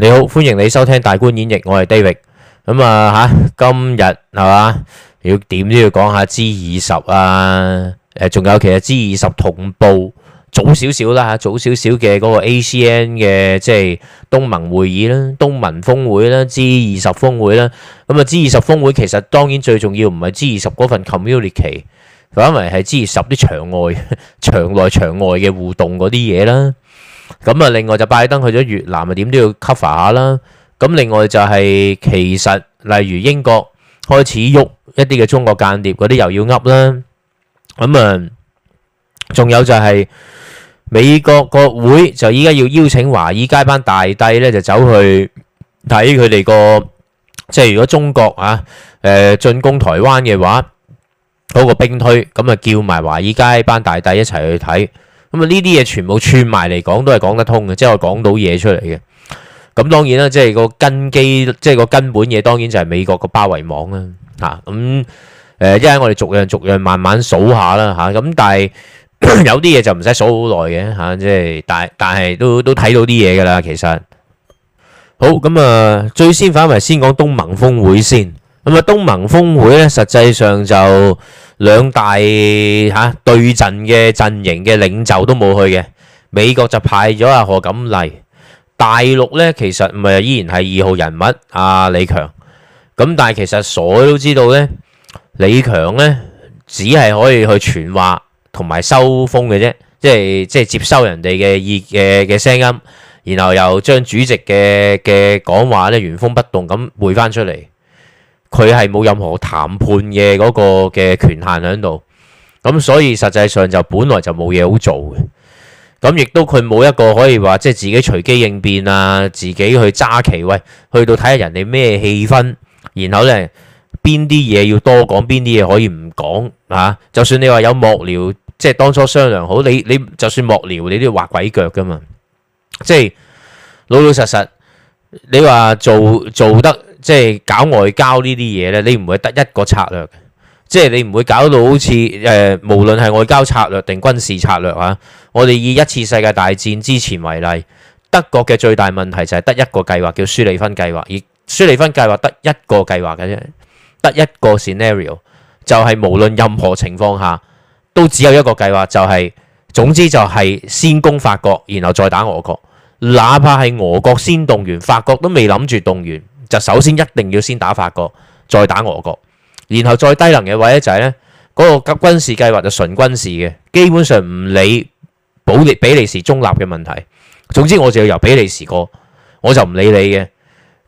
你好，歡迎你收聽大觀演繹，我係 David。咁啊吓，今日係嘛，要點都要講下 G 二十啊，誒，仲有，其實 G 二十同步早少少啦，早少少嘅嗰個 ACN 嘅，即係東盟會議啦，東盟峰會啦，G 二十峰會啦。咁啊，G 二十峰會其實當然最重要唔係 G 二十嗰份 community，反為係 G 二十啲場外、場內、場外嘅互動嗰啲嘢啦。咁啊，另外就拜登去咗越南啊，點都要 cover 下啦。咁另外就係其實例如英國開始喐一啲嘅中國間諜嗰啲又要噏啦。咁啊，仲有就係美國國會就依家要邀請華爾街班大帝咧，就走去睇佢哋個即係如果中國啊誒進攻台灣嘅話嗰個兵推，咁啊叫埋華爾街班大帝一齊去睇。咁啊！呢啲嘢全部串埋嚟講，都係講得通嘅，即係我講到嘢出嚟嘅。咁當然啦，即係個根基，即係個根本嘢，當然就係美國個包圍網啦。吓咁誒，一係我哋逐樣逐樣慢慢數下啦。吓咁，但係有啲嘢就唔使數好耐嘅吓，即係但但係都都睇到啲嘢噶啦。其實好咁啊，最先反為先講東盟峰會先。咁啊，東盟峰會咧，實際上就兩大嚇對陣嘅陣營嘅領袖都冇去嘅。美國就派咗阿賀錦麗，大陸咧其實咪依然係二號人物阿李強。咁但係其實所有都知道咧，李強咧只係可以去傳話同埋收風嘅啫，即係即係接收人哋嘅耳嘅嘅聲音，然後又將主席嘅嘅講話咧原封不動咁背翻出嚟。佢係冇任何談判嘅嗰個嘅權限喺度，咁所以實際上就本來就冇嘢好做嘅，咁亦都佢冇一個可以話即係自己隨機應變啊，自己去揸旗喂，去到睇下人哋咩氣氛，然後呢邊啲嘢要多講，邊啲嘢可以唔講啊？就算你話有幕僚，即係當初商量好你你，你就算幕僚你都要畫鬼腳噶嘛，即係老老實實你話做做得。即係搞外交呢啲嘢呢，你唔會得一個策略。即係你唔會搞到好似誒、呃，無論係外交策略定軍事策略啊。我哋以一次世界大戰之前為例，德國嘅最大問題就係得一個計劃叫舒利芬計劃，而舒利芬計劃得一個計劃嘅啫，得一個 scenario 就係無論任何情況下都只有一個計劃，就係、是、總之就係先攻法國，然後再打俄國。哪怕係俄國先動員，法國都未諗住動員。就首先一定要先打法國，再打俄國，然後再低能嘅位咧就係呢嗰個軍事計劃就純軍事嘅，基本上唔理比利比利時中立嘅問題。總之我就要由比利時過，我就唔理你嘅。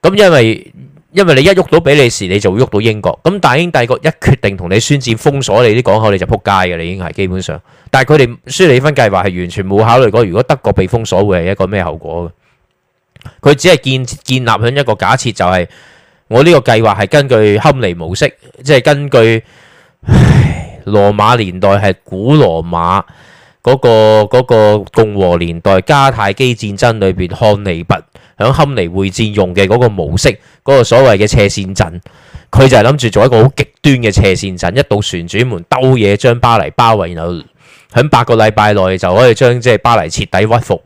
咁因為因為你一喐到比利時，你就會喐到英國。咁大英帝國一決定同你宣戰，封鎖你啲港口，你就仆街嘅，你已經係基本上。但係佢哋施里芬計劃係完全冇考慮過，如果德國被封鎖會係一個咩後果嘅。佢只係建建立喺一個假設，就係我呢個計劃係根據堪尼模式，即係根據唉羅馬年代係古羅馬嗰個嗰個共和年代迦太基戰爭裏邊漢尼拔響堪尼會戰用嘅嗰個模式，嗰個所謂嘅斜線陣，佢就係諗住做一個好極端嘅斜線陣，一道旋轉門兜嘢將巴黎包圍，然後喺八個禮拜內就可以將即係巴黎徹底屈服。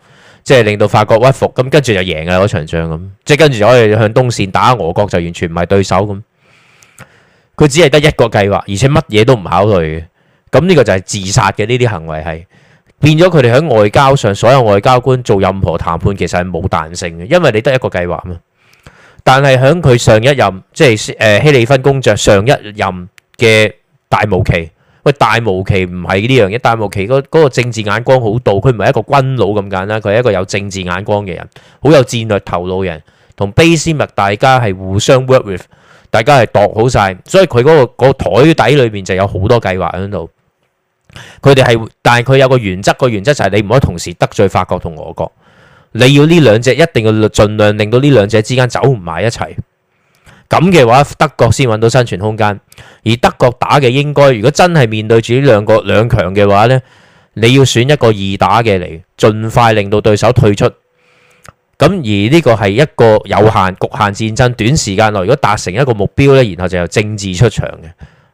即係令到法國屈服，咁跟住就贏啊嗰場仗咁，即係跟住就可以向東線打俄國就完全唔係對手咁。佢只係得一個計劃，而且乜嘢都唔考慮嘅。咁呢個就係自殺嘅呢啲行為，係變咗佢哋喺外交上所有外交官做任何談判其實係冇彈性嘅，因為你得一個計劃嘛。但係喺佢上一任即係誒希利芬公爵上一任嘅大毛奇。喂，戴慕奇唔係呢樣嘢，大慕奇嗰嗰個政治眼光好到，佢唔係一個軍佬咁簡啦，佢係一個有政治眼光嘅人，好有戰略頭腦人，同卑斯 s 大家係互相 work with，大家係度好晒，所以佢嗰、那個、那個台底裏面就有好多計劃喺度，佢哋係，但係佢有個原則，個原則就係你唔可以同時得罪法國同俄國，你要呢兩隻一定要盡量令到呢兩者之間走唔埋一齊。咁嘅話，德國先揾到生存空間。而德國打嘅應該，如果真係面對住呢兩個兩強嘅話呢，你要選一個易打嘅嚟，盡快令到對手退出。咁而呢個係一個有限局限戰爭，短時間內如果達成一個目標呢，然後就由政治出場嘅，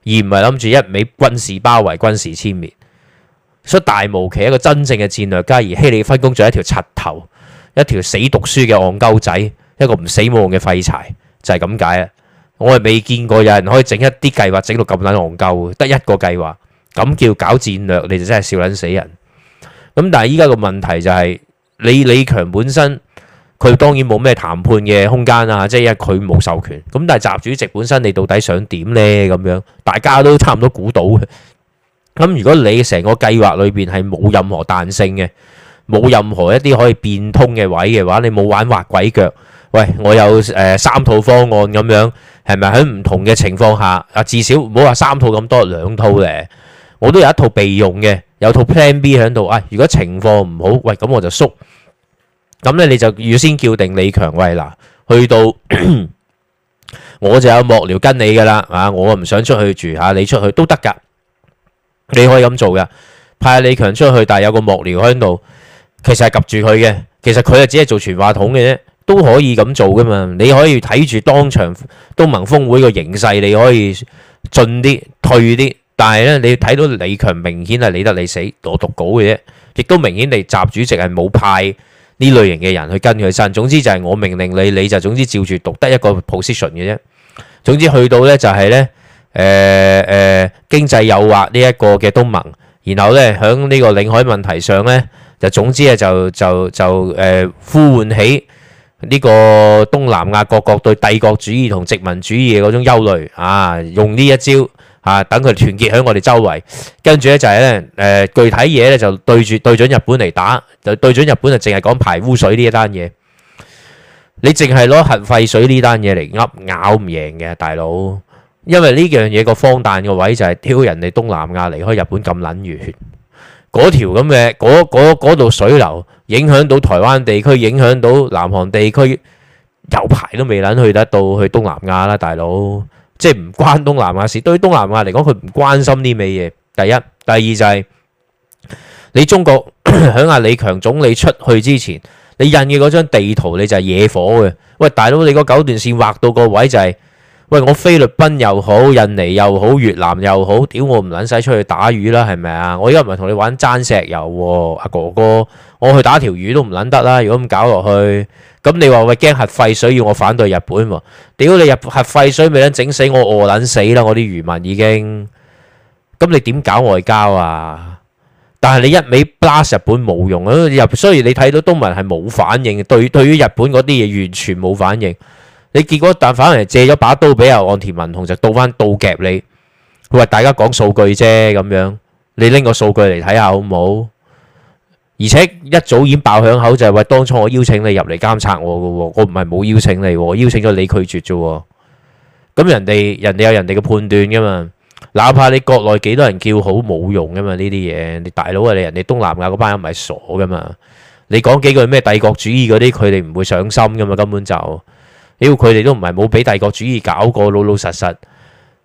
而唔係諗住一味軍事包圍、軍事殲滅。所以大無奇一個真正嘅戰略家，而希利芬工做一條柒頭、一條死讀書嘅戇鳩仔，一個唔死亡嘅廢柴。就係咁解啊！我係未見過有人可以整一啲計劃整到咁捻戇鳩嘅，得一個計劃咁叫搞戰略，你就真係笑捻死人。咁但係依家個問題就係李李強本身佢當然冇咩談判嘅空間啊，即係因為佢冇授權。咁但係習主席本身你到底想點呢？咁樣大家都差唔多估到嘅。咁如果你成個計劃裏邊係冇任何彈性嘅，冇任何一啲可以變通嘅位嘅話，你冇玩滑鬼腳。喂，我有誒、呃、三套方案咁樣，係咪喺唔同嘅情況下啊？至少唔好話三套咁多，兩套咧，我都有一套備用嘅，有套 Plan B 喺度啊。如果情況唔好，喂咁我就縮咁咧，你就預先叫定李強喂，嗱，去到 我就有幕僚跟你噶啦啊。我唔想出去住嚇，你出去都得㗎，你可以咁做㗎，派李強出去，但係有個幕僚喺度，其實係及住佢嘅，其實佢係只係做傳話筒嘅啫。都可以咁做噶嘛？你可以睇住當場東盟峰會個形勢，你可以進啲退啲。但係咧，你睇到李強明顯係理得你死，我讀稿嘅啫。亦都明顯地習主席係冇派呢類型嘅人去跟佢身。總之就係我命令你，你就總之照住讀得一個 position 嘅啫。總之去到咧就係、是、咧，誒、呃、誒、呃、經濟誘惑呢一個嘅東盟，然後咧喺呢個領海問題上咧，就總之啊就就就誒、呃、呼喚起。呢個東南亞各國對帝國主義同殖民主義嘅嗰種憂慮啊，用呢一招啊，等佢團結喺我哋周圍。跟住呢就係呢，誒具體嘢呢就對住對準日本嚟打，對對準日本就淨係講排污水呢一單嘢。你淨係攞核廢水呢單嘢嚟噏咬唔贏嘅大佬，因為呢樣嘢個荒誕嘅位就係挑人哋東南亞離開日本咁撚遠。嗰條咁嘅嗰度水流影響到台灣地區，影響到南韓地區，有排都未能去得到去東南亞啦，大佬即係唔關東南亞事。對於東南亞嚟講，佢唔關心啲咩嘢。第一，第二就係、是、你中國響阿 李強總理出去之前，你印嘅嗰張地圖你就係惹火嘅。喂，大佬你個九段線畫到個位就係、是。喂，我菲律賓又好，印尼又好，越南又好，屌我唔撚使出去打魚啦，係咪啊？我依家唔係同你玩爭石油喎，阿哥哥，我去打條魚都唔撚得啦。如果咁搞落去，咁你話喂驚核廢水要我反對日本喎？屌你日核廢水未撚整死我，餓撚死啦！我啲漁民已經，咁你點搞外交啊？但係你一味 blast 日本冇用啊！日雖然你睇到東盟係冇反應，對對於日本嗰啲嘢完全冇反應。你結果但反而借咗把刀俾阿岸田文雄，就倒翻刀夾你。佢話大家講數據啫，咁樣你拎個數據嚟睇下好唔好？而且一早已經爆響口就係、是、話當初我邀請你入嚟監察我嘅喎，我唔係冇邀請你喎，我邀請咗你拒絕啫。咁人哋人哋有人哋嘅判斷噶嘛，哪怕你國內幾多人叫好冇用噶嘛，呢啲嘢你大佬啊，你人哋東南亞嗰班人唔係傻噶嘛，你講幾句咩帝國主義嗰啲，佢哋唔會上心噶嘛，根本就。屌佢哋都唔係冇俾帝國主義搞過，老老實實，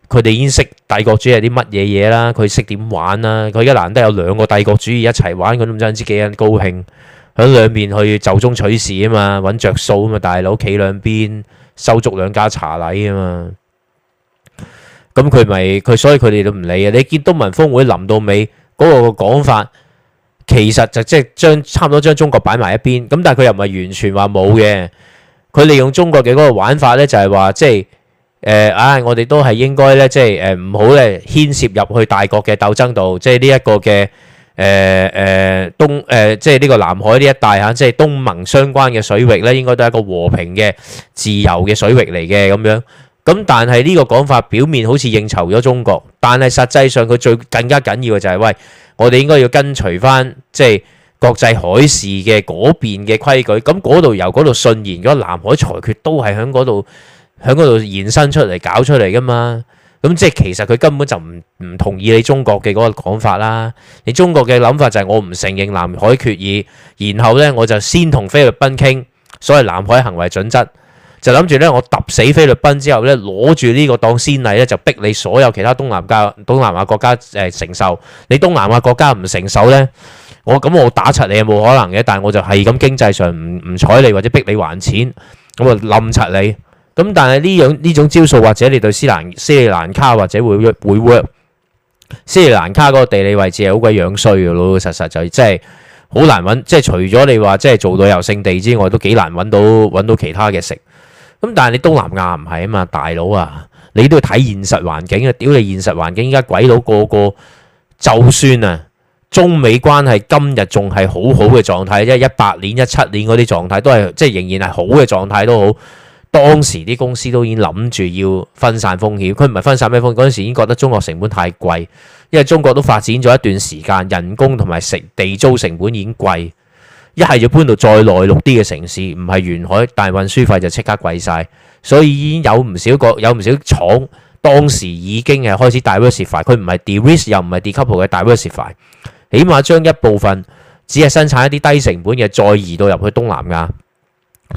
佢哋已經識帝國主義係啲乜嘢嘢啦，佢識點玩啦，佢而家難得有兩個帝國主義一齊玩，佢都唔知幾人高興，喺兩面去就中取事啊嘛，揾着數啊嘛，大佬企兩邊收足兩家茶禮啊嘛，咁佢咪佢所以佢哋都唔理啊，你見東盟峰會臨到尾嗰個講法，其實就即係將差唔多將中國擺埋一邊，咁但係佢又唔係完全話冇嘅。佢利用中國嘅嗰個玩法咧，就係話即係誒啊！我哋都係應該咧，即係誒唔好咧牽涉入去大國嘅鬥爭度，即係呢一個嘅誒誒東誒，即係呢個南海呢一帶嚇，即係東盟相關嘅水域咧，應該都係一個和平嘅自由嘅水域嚟嘅咁樣。咁但係呢個講法表面好似應酬咗中國，但係實際上佢最更加緊要嘅就係喂，我哋應該要跟隨翻即係，就是國際海事嘅嗰邊嘅規矩，咁嗰度由嗰度順延，嗰南海裁決都係喺嗰度，喺度延伸出嚟搞出嚟噶嘛。咁即係其實佢根本就唔唔同意你中國嘅嗰個講法啦。你中國嘅諗法就係我唔承認南海決議，然後呢，我就先同菲律賓傾所謂南海行為準則。就諗住咧，我揼死菲律賓之後咧，攞住呢個當先例咧，就逼你所有其他東南亞、東南亞國家誒承受。你東南亞國家唔承受咧，我咁我打柒你有冇可能嘅。但係我就係咁經濟上唔唔睬你或者逼你還錢，咁啊冧柒你。咁但係呢樣呢種招數，或者你對斯蘭斯里蘭卡或者會會 work？斯里蘭卡嗰個地理位置係好鬼樣衰嘅，老老實實就即係好難揾。即係除咗你話即係做旅遊勝地之外，都幾難揾到揾到其他嘅食。咁但係你東南亞唔係啊嘛，大佬啊，你都要睇現實環境啊！屌你現實環境，依家鬼佬個個就算啊，中美關係今日仲係好好嘅狀態，即係一八年、一七年嗰啲狀態都係即係仍然係好嘅狀態都好。當時啲公司都已經諗住要分散風險，佢唔係分散咩風險？嗰陣時已經覺得中國成本太貴，因為中國都發展咗一段時間，人工同埋食地租成本已經貴。一係要搬到再內陸啲嘅城市，唔係沿海，但運輸費就即刻貴晒。所以已經有唔少個有唔少廠當時已經係開始 diversify，佢唔係 de-risk 又唔係 de-couple 嘅 diversify，起碼將一部分只係生產一啲低成本嘅再移到入去東南亞，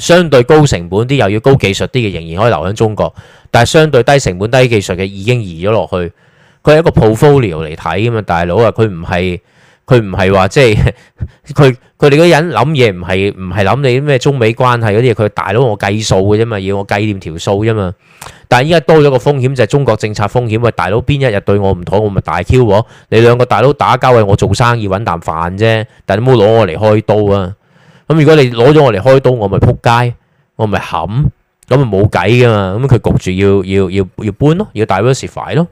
相對高成本啲又要高技術啲嘅仍然可以留喺中國，但係相對低成本低技術嘅已經移咗落去，佢係一個 portfolio 嚟睇㗎嘛，大佬啊，佢唔係。佢唔係話即係佢，佢哋嗰人諗嘢唔係唔係諗你啲咩中美關係嗰啲嘢，佢大佬我計數嘅啫嘛，要我計掂條數啫嘛。但係依家多咗個風險就係中國政策風險，喂大佬邊一日對我唔妥，我咪大 Q 喎。你兩個大佬打交，我做生意揾啖飯啫。但你冇攞我嚟開刀啊！咁如果你攞咗我嚟開刀，我咪撲街，我咪冚，咁咪冇計噶嘛。咁佢焗住要要要要搬咯，要 diversify 咯。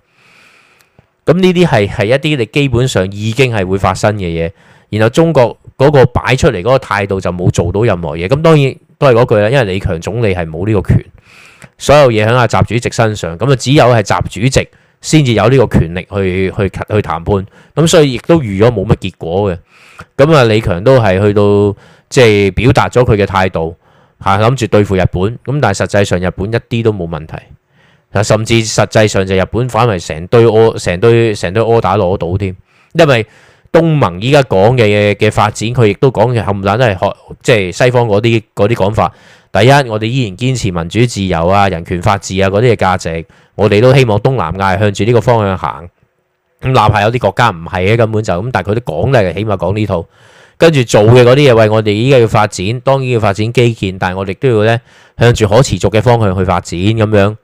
咁呢啲係係一啲你基本上已經係會發生嘅嘢，然後中國嗰個擺出嚟嗰個態度就冇做到任何嘢，咁當然都係嗰句啦，因為李強總理係冇呢個權，所有嘢喺阿習主席身上，咁啊只有係習主席先至有呢個權力去去去談判，咁所以亦都預咗冇乜結果嘅，咁啊李強都係去到即係表達咗佢嘅態度，嚇諗住對付日本，咁但係實際上日本一啲都冇問題。甚至實際上就日本反為成堆柯成堆成堆柯打攞到添，因為東盟依家講嘅嘢嘅發展，佢亦都講嘅冚唪唥都係學即係西方嗰啲嗰啲講法。第一，我哋依然堅持民主自由啊、人權法治啊嗰啲嘅價值。我哋都希望東南亞向住呢個方向行。咁哪怕有啲國家唔係嘅根本就咁，但係佢都講咧，起碼講呢套跟住做嘅嗰啲嘢，為我哋依家要發展，當然要發展基建，但係我哋都要咧，向住可持續嘅方向去發展咁樣。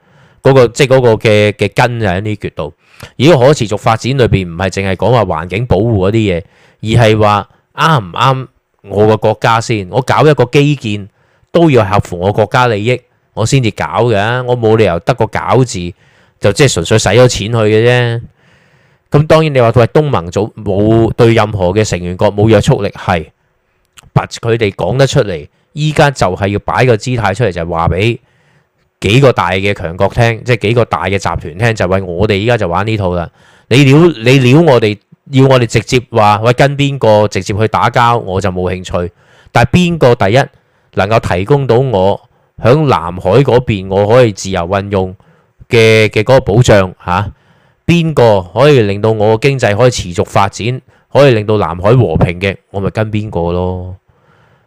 嗰、那個、即係嗰個嘅嘅根就喺呢啲角度。如果可持續發展裏邊唔係淨係講話環境保護嗰啲嘢，而係話啱唔啱我個國家先。我搞一個基建都要合乎我國家利益，我先至搞嘅。我冇理由得個搞字就即係純粹使咗錢去嘅啫。咁當然你話佢係東盟組冇對任何嘅成員國冇約束力，係，但佢哋講得出嚟。依家就係要擺個姿態出嚟，就係話俾，幾個大嘅強國聽，即係幾個大嘅集團聽，就喂，我哋依家就玩呢套啦。你料你料我哋，要我哋直接話，喂，跟邊個直接去打交，我就冇興趣。但係邊個第一能夠提供到我響南海嗰邊我可以自由運用嘅嘅嗰個保障吓，邊個可以令到我經濟可以持續發展，可以令到南海和平嘅，我咪跟邊個咯。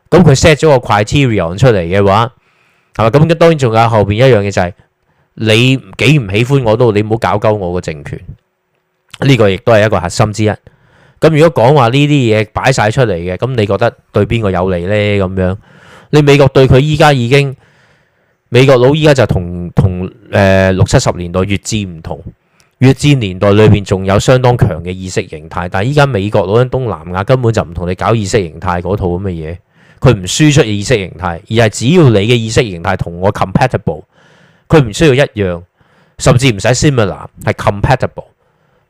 咁佢 set 咗個 criteria 出嚟嘅話。係咁、嗯、當然仲有後邊一樣嘢，就係，就係你幾唔喜歡我都，你唔好搞鳩我個政權。呢、呢個亦都係一個核心之一。咁、嗯、如果講話呢啲嘢擺晒出嚟嘅，咁、嗯、你覺得對邊個有利呢？咁樣，你美國對佢依家已經美國佬依家就同同誒六七十年代越戰唔同，越戰年代裏邊仲有相當強嘅意識形態，但係依家美國佬喺東南亞根本就唔同你搞意識形態嗰套咁嘅嘢。佢唔輸出意識形態，而係只要你嘅意識形態同我 compatible，佢唔需要一樣，甚至唔使 similar，係 compatible，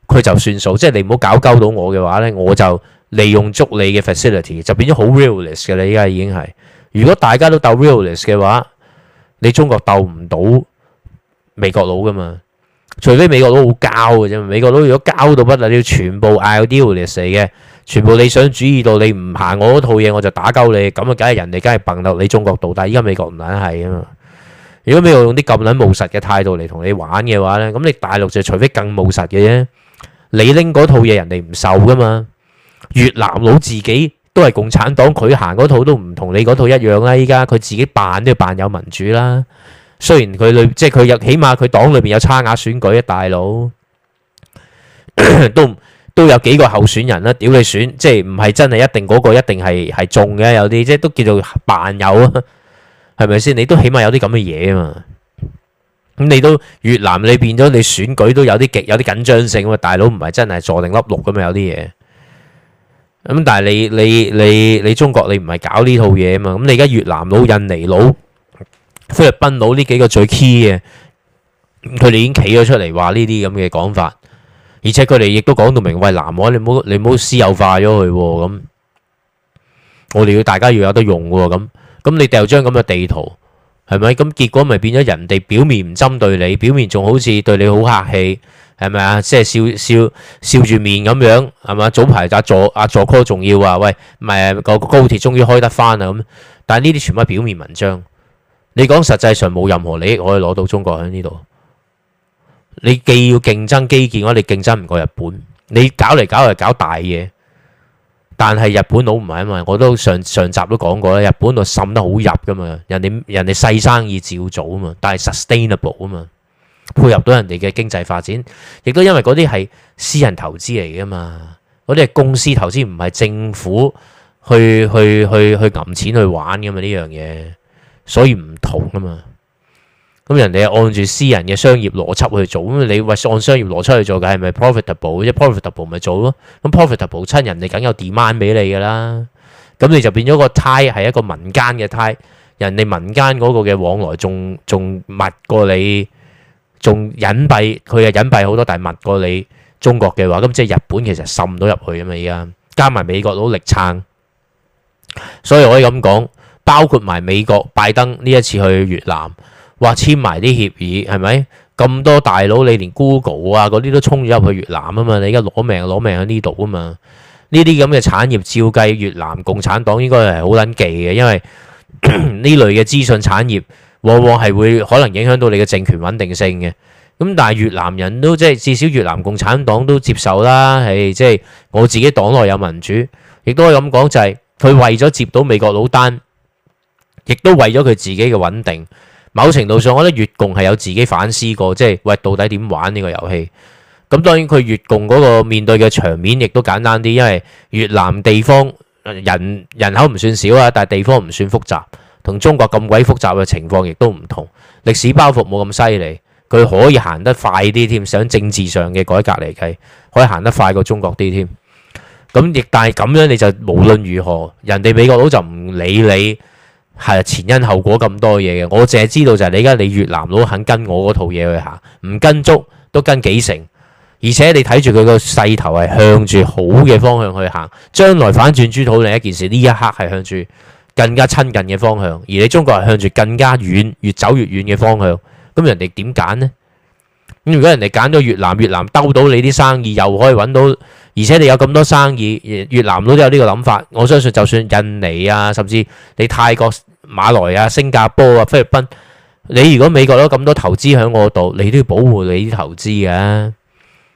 佢就算數。 即係你唔好搞鳩到我嘅話呢，我就利用足你嘅 facility，就變咗好 realist 嘅啦。依家已經係，如果大家都鬥 realist 嘅話，你中國鬥唔到美國佬噶嘛？除非美國佬好膠嘅啫，美國佬如果膠到不得，要全部 idealist 嚟死嘅，全部理想主義到你唔行我套嘢，我就打鳩你，咁啊，梗係人哋梗係崩到你中國度，但係依家美國唔撚係啊嘛，如果美國用啲咁撚務實嘅態度嚟同你玩嘅話咧，咁你大陸就除非更務實嘅啫，你拎嗰套嘢人哋唔受噶嘛，越南佬自己都係共產黨，佢行嗰套都唔同你嗰套一樣啦，依家佢自己扮都要扮有民主啦。雖然佢裏即係佢有起碼佢黨裏邊有差額選舉啊，大佬都都有幾個候選人啦，屌你選即係唔係真係一定嗰個一定係係中嘅，有啲即係都叫做扮友啊，係咪先？你都起碼有啲咁嘅嘢啊嘛，咁你都越南你變咗你選舉都有啲極有啲緊張性啊嘛，大佬唔係真係坐定粒六噶嘛，有啲嘢咁，但係你你你你中國你唔係搞呢套嘢嘛，咁你而家越南佬、印尼佬。菲律賓佬呢幾個最 key 嘅，佢哋已經企咗出嚟話呢啲咁嘅講法，而且佢哋亦都講到明喂，南海，你唔好你唔好私有化咗佢咁。我哋要大家要有得用嘅咁，咁你掉張咁嘅地圖，係咪？咁結果咪變咗人哋表面唔針對你，表面仲好似對你好客氣，係咪啊？即係笑笑笑住面咁樣，係咪？早排就阿阿阿佐科仲要話喂，唔係個高鐵終於開得翻啦咁，但係呢啲全部係表面文章。你講實際上冇任何利益可以攞到中國喺呢度。你既要競爭基建，我哋競爭唔過日本。你搞嚟搞去搞大嘢，但係日本佬唔係因為我都上上集都講過啦，日本佬滲得好入噶嘛。人哋人哋細生意照做啊嘛，但係 sustainable 啊嘛，配合到人哋嘅經濟發展，亦都因為嗰啲係私人投資嚟噶嘛。嗰啲係公司投資，唔係政府去去去去揞錢去玩噶嘛，呢樣嘢。所以唔同啊嘛，咁人哋係按住私人嘅商業邏輯去做，咁你話按商業邏輯去做嘅係咪 profitable？即 profitable 咪做咯，咁 profitable 親人哋梗有 demand 俾你㗎啦，咁你就變咗個 tie 係一個民間嘅 tie，人哋民間嗰個嘅往來仲仲密過你，仲隱蔽，佢又隱蔽好多，但係密過你中國嘅話，咁即係日本其實滲到入去啊嘛，而家，加埋美國都力撐，所以我可以咁講。包括埋美國拜登呢一次去越南，話簽埋啲協議，係咪咁多大佬？你連 Google 啊嗰啲都衝咗入去越南啊嘛？你而家攞命攞命喺呢度啊嘛？呢啲咁嘅產業照計，越南共產黨應該係好撚忌嘅，因為呢 類嘅資訊產業往往係會可能影響到你嘅政權穩定性嘅。咁但係越南人都即係至少越南共產黨都接受啦。誒，即係我自己黨內有民主，亦都係咁講就係佢為咗接到美國老單。亦都為咗佢自己嘅穩定，某程度上，我覺得越共係有自己反思過，即係喂到底點玩呢個遊戲。咁當然佢越共嗰個面對嘅場面亦都簡單啲，因為越南地方人人口唔算少啊，但係地方唔算複雜，同中國咁鬼複雜嘅情況亦都唔同。歷史包袱冇咁犀利，佢可以行得快啲添，喺政治上嘅改革嚟計，可以行得快過中國啲添。咁亦但係咁樣，你就無論如何，人哋美國佬就唔理你。係啊，前因後果咁多嘢嘅，我淨係知道就係你而家你越南佬肯跟我嗰套嘢去行，唔跟足都跟幾成，而且你睇住佢個勢頭係向住好嘅方向去行，將來反轉豬肚另一件事，呢一刻係向住更加親近嘅方向，而你中國係向住更加遠、越走越遠嘅方向，咁人哋點揀呢？咁如果人哋揀咗越南，越南兜到你啲生意又可以揾到，而且你有咁多生意，越南都有呢個諗法。我相信就算印尼啊，甚至你泰國、馬來啊、新加坡啊、菲律賓，你如果美國都咁多投資喺我度，你都要保護你啲投資嘅、啊，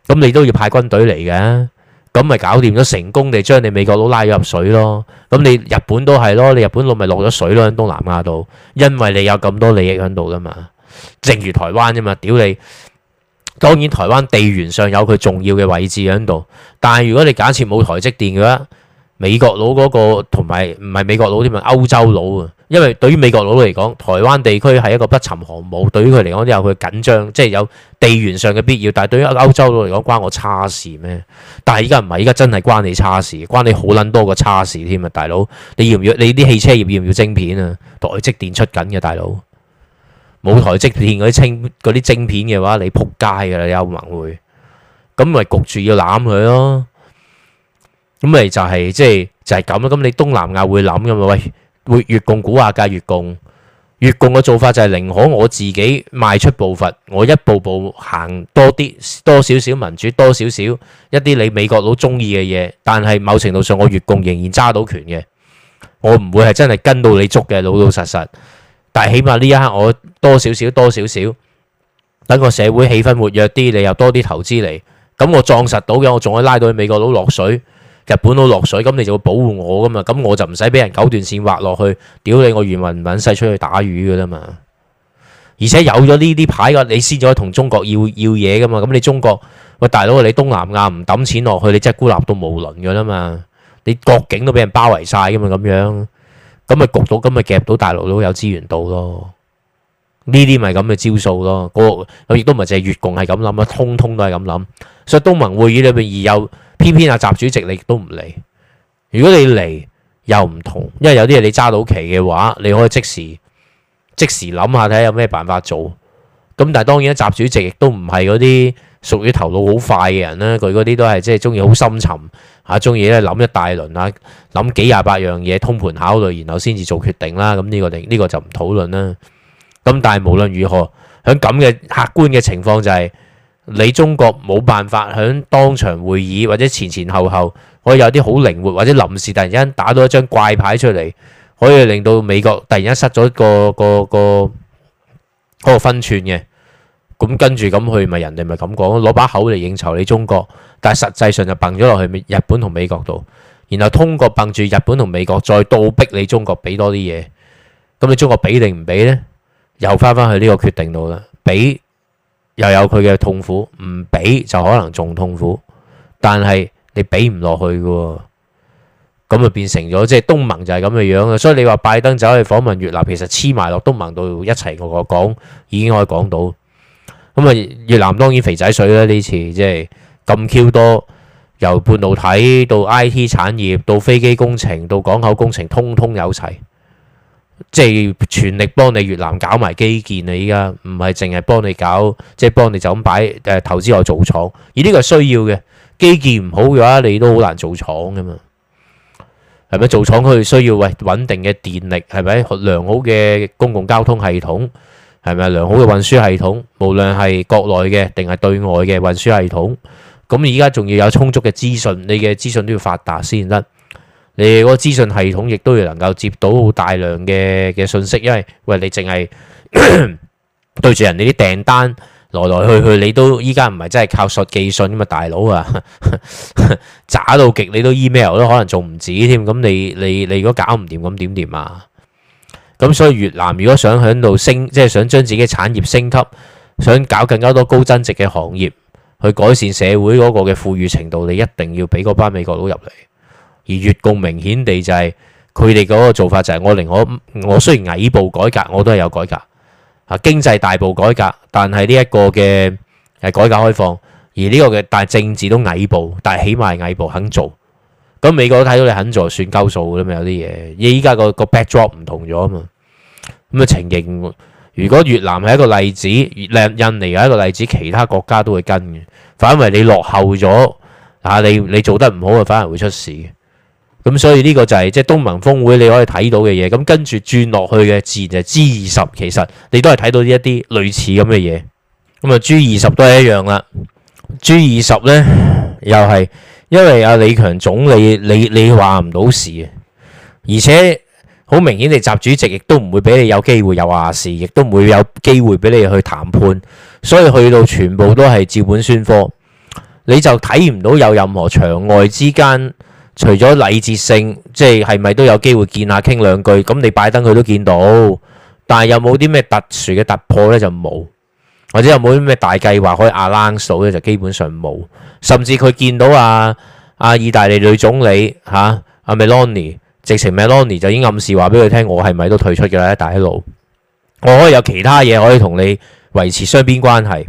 咁你都要派軍隊嚟嘅，咁咪搞掂咗成功地將你美國佬拉入水咯、啊。咁你日本都係咯，你日本佬咪落咗水咯、啊、喺東南亞度，因為你有咁多利益喺度噶嘛。正如台灣啫嘛，屌你！當然，台灣地緣上有佢重要嘅位置喺度，但係如果你假設冇台積電嘅話，美國佬嗰、那個同埋唔係美國佬，添嘛，歐洲佬啊，因為對於美國佬嚟講，台灣地區係一個不沉航母，對於佢嚟講都有佢緊張，即、就、係、是、有地緣上嘅必要。但係對於歐洲佬嚟講，關我叉事咩？但係依家唔係，依家真係關你叉事，關你好撚多個叉事添啊，大佬！你要唔要？你啲汽車業要唔要晶片啊？台積電出緊嘅，大佬。舞台晶片嗰啲晶嗰啲晶片嘅話，你仆街噶啦，有可能會，咁咪焗住要攬佢咯，咁咪就係即係就係咁咯。咁你東南亞會諗噶嘛？喂，會越共估下㗎，越共越共嘅做法就係寧可我自己邁出步伐，我一步步行多啲多少少民主，多少少一啲你美國佬中意嘅嘢，但係某程度上我越共仍然揸到權嘅，我唔會係真係跟到你捉嘅，老老實實。但係起碼呢一刻我多少少多少少等個社會氣氛活躍啲，你又多啲投資嚟，咁我壯實到嘅，我仲可以拉到去美國佬落水，日本佬落水，咁你就會保護我噶嘛，咁我就唔使俾人九段線劃落去，屌你我漁民揾晒出去打魚噶啦嘛。而且有咗呢啲牌噶，你先至可以同中國要要嘢噶嘛。咁你中國，喂大佬，你東南亞唔抌錢落去，你真係孤立到冇卵噶啦嘛，你國境都俾人包圍晒噶嘛，咁樣。咁咪焗到，今日夾到，大陸都有資源到咯。呢啲咪咁嘅招數咯。嗰個亦都唔係淨係越共，係咁諗咯，通通都係咁諗。所以東盟會議裏邊而有，偏偏阿習主席你亦都唔嚟。如果你嚟又唔同，因為有啲嘢你揸到期嘅話，你可以即時即時諗下睇下有咩辦法做。咁但係當然，習主席亦都唔係嗰啲屬於頭腦好快嘅人啦。佢嗰啲都係即係中意好深沉。啊，中意咧諗一大輪啊，諗幾廿八樣嘢，通盤考慮，然後先至做決定啦。咁呢個定呢個就唔討論啦。咁但係無論如何，喺咁嘅客觀嘅情況就係，你中國冇辦法喺當場會議或者前前後後可以有啲好靈活或者臨時突然間打到一張怪牌出嚟，可以令到美國突然間失咗個個個嗰個分寸嘅。咁跟住咁去咪人哋咪咁講囉，攞把口嚟應酬你中國，但係實際上就掟咗落去日本同美國度，然後通過掟住日本同美國再倒逼你中國俾多啲嘢，咁你中國俾定唔俾呢？又翻返去呢個決定度啦，俾又有佢嘅痛苦，唔俾就可能仲痛苦，但係你俾唔落去㗎喎，咁就變成咗即係東盟就係咁嘅樣啦。所以你話拜登走去訪問越南，其實黐埋落東盟度一齊個個講已經可以講到。咁啊！越南當然肥仔水啦，呢次即係咁 Q 多，由半導體到 IT 產業，到飛機工程，到港口工程，通通有齊，即係全力幫你越南搞埋基建，你依家唔係淨係幫你搞，即係幫你就咁擺誒投資落造廠，而呢個需要嘅。基建唔好嘅話，你都好難造廠噶嘛，係咪？造廠佢需要喂穩定嘅電力，係咪良好嘅公共交通系統？係咪啊？良好嘅運輸系統，無論係國內嘅定係對外嘅運輸系統，咁而家仲要有充足嘅資訊，你嘅資訊都要發達先得。你嗰個資訊系統亦都要能夠接到大量嘅嘅信息，因為喂，你淨係對住人哋啲訂單來來去去，你都依家唔係真係靠實寄信㗎嘛，大佬啊，渣到極你都 email 都可能仲唔止添，咁你你你如果搞唔掂咁點掂啊？咁所以越南如果想響度升，即係想將自己產業升級，想搞更加多高增值嘅行業，去改善社會嗰個嘅富裕程度，你一定要俾嗰班美國佬入嚟。而越共明顯地就係佢哋嗰個做法就係我寧可我雖然矮步改革，我都係有改革啊，經濟大步改革，但係呢一個嘅係改革開放，而呢個嘅但係政治都矮步，但係起碼係矮步肯做。咁美國都睇到你肯做，算鳩數噶啦嘛，有啲嘢，而依家個個 backdrop 唔同咗啊嘛，咁啊情形，如果越南係一個例子，印印尼又係一個例子，其他國家都會跟嘅，反為你落後咗，啊你你做得唔好啊，反而會出事嘅，咁所以呢個就係即係東盟峰會你可以睇到嘅嘢，咁跟住轉落去嘅自然就係 G 二十，其實你都係睇到一啲類似咁嘅嘢，咁啊 G 二十都係一樣啦，G 二十咧又係。因為阿李強總理，你你話唔到事啊，而且好明顯你習主席亦都唔會俾你有機會有話事，亦都唔會有機會俾你去談判，所以去到全部都係照本宣科，你就睇唔到有任何場外之間，除咗禮節性，即係係咪都有機會見下傾兩句，咁你拜登佢都見到，但係有冇啲咩特殊嘅突破呢？就冇。或者有冇啲咩大計劃可以 advance 到咧？就基本上冇，甚至佢見到啊、啊意大利女總理嚇，梅洛尼，啊、啊梅洛尼，直情梅洛尼就已經暗示話俾佢聽，我係咪都退出嘅啦？一帶一路，我可以有其他嘢可以同你維持雙邊關係，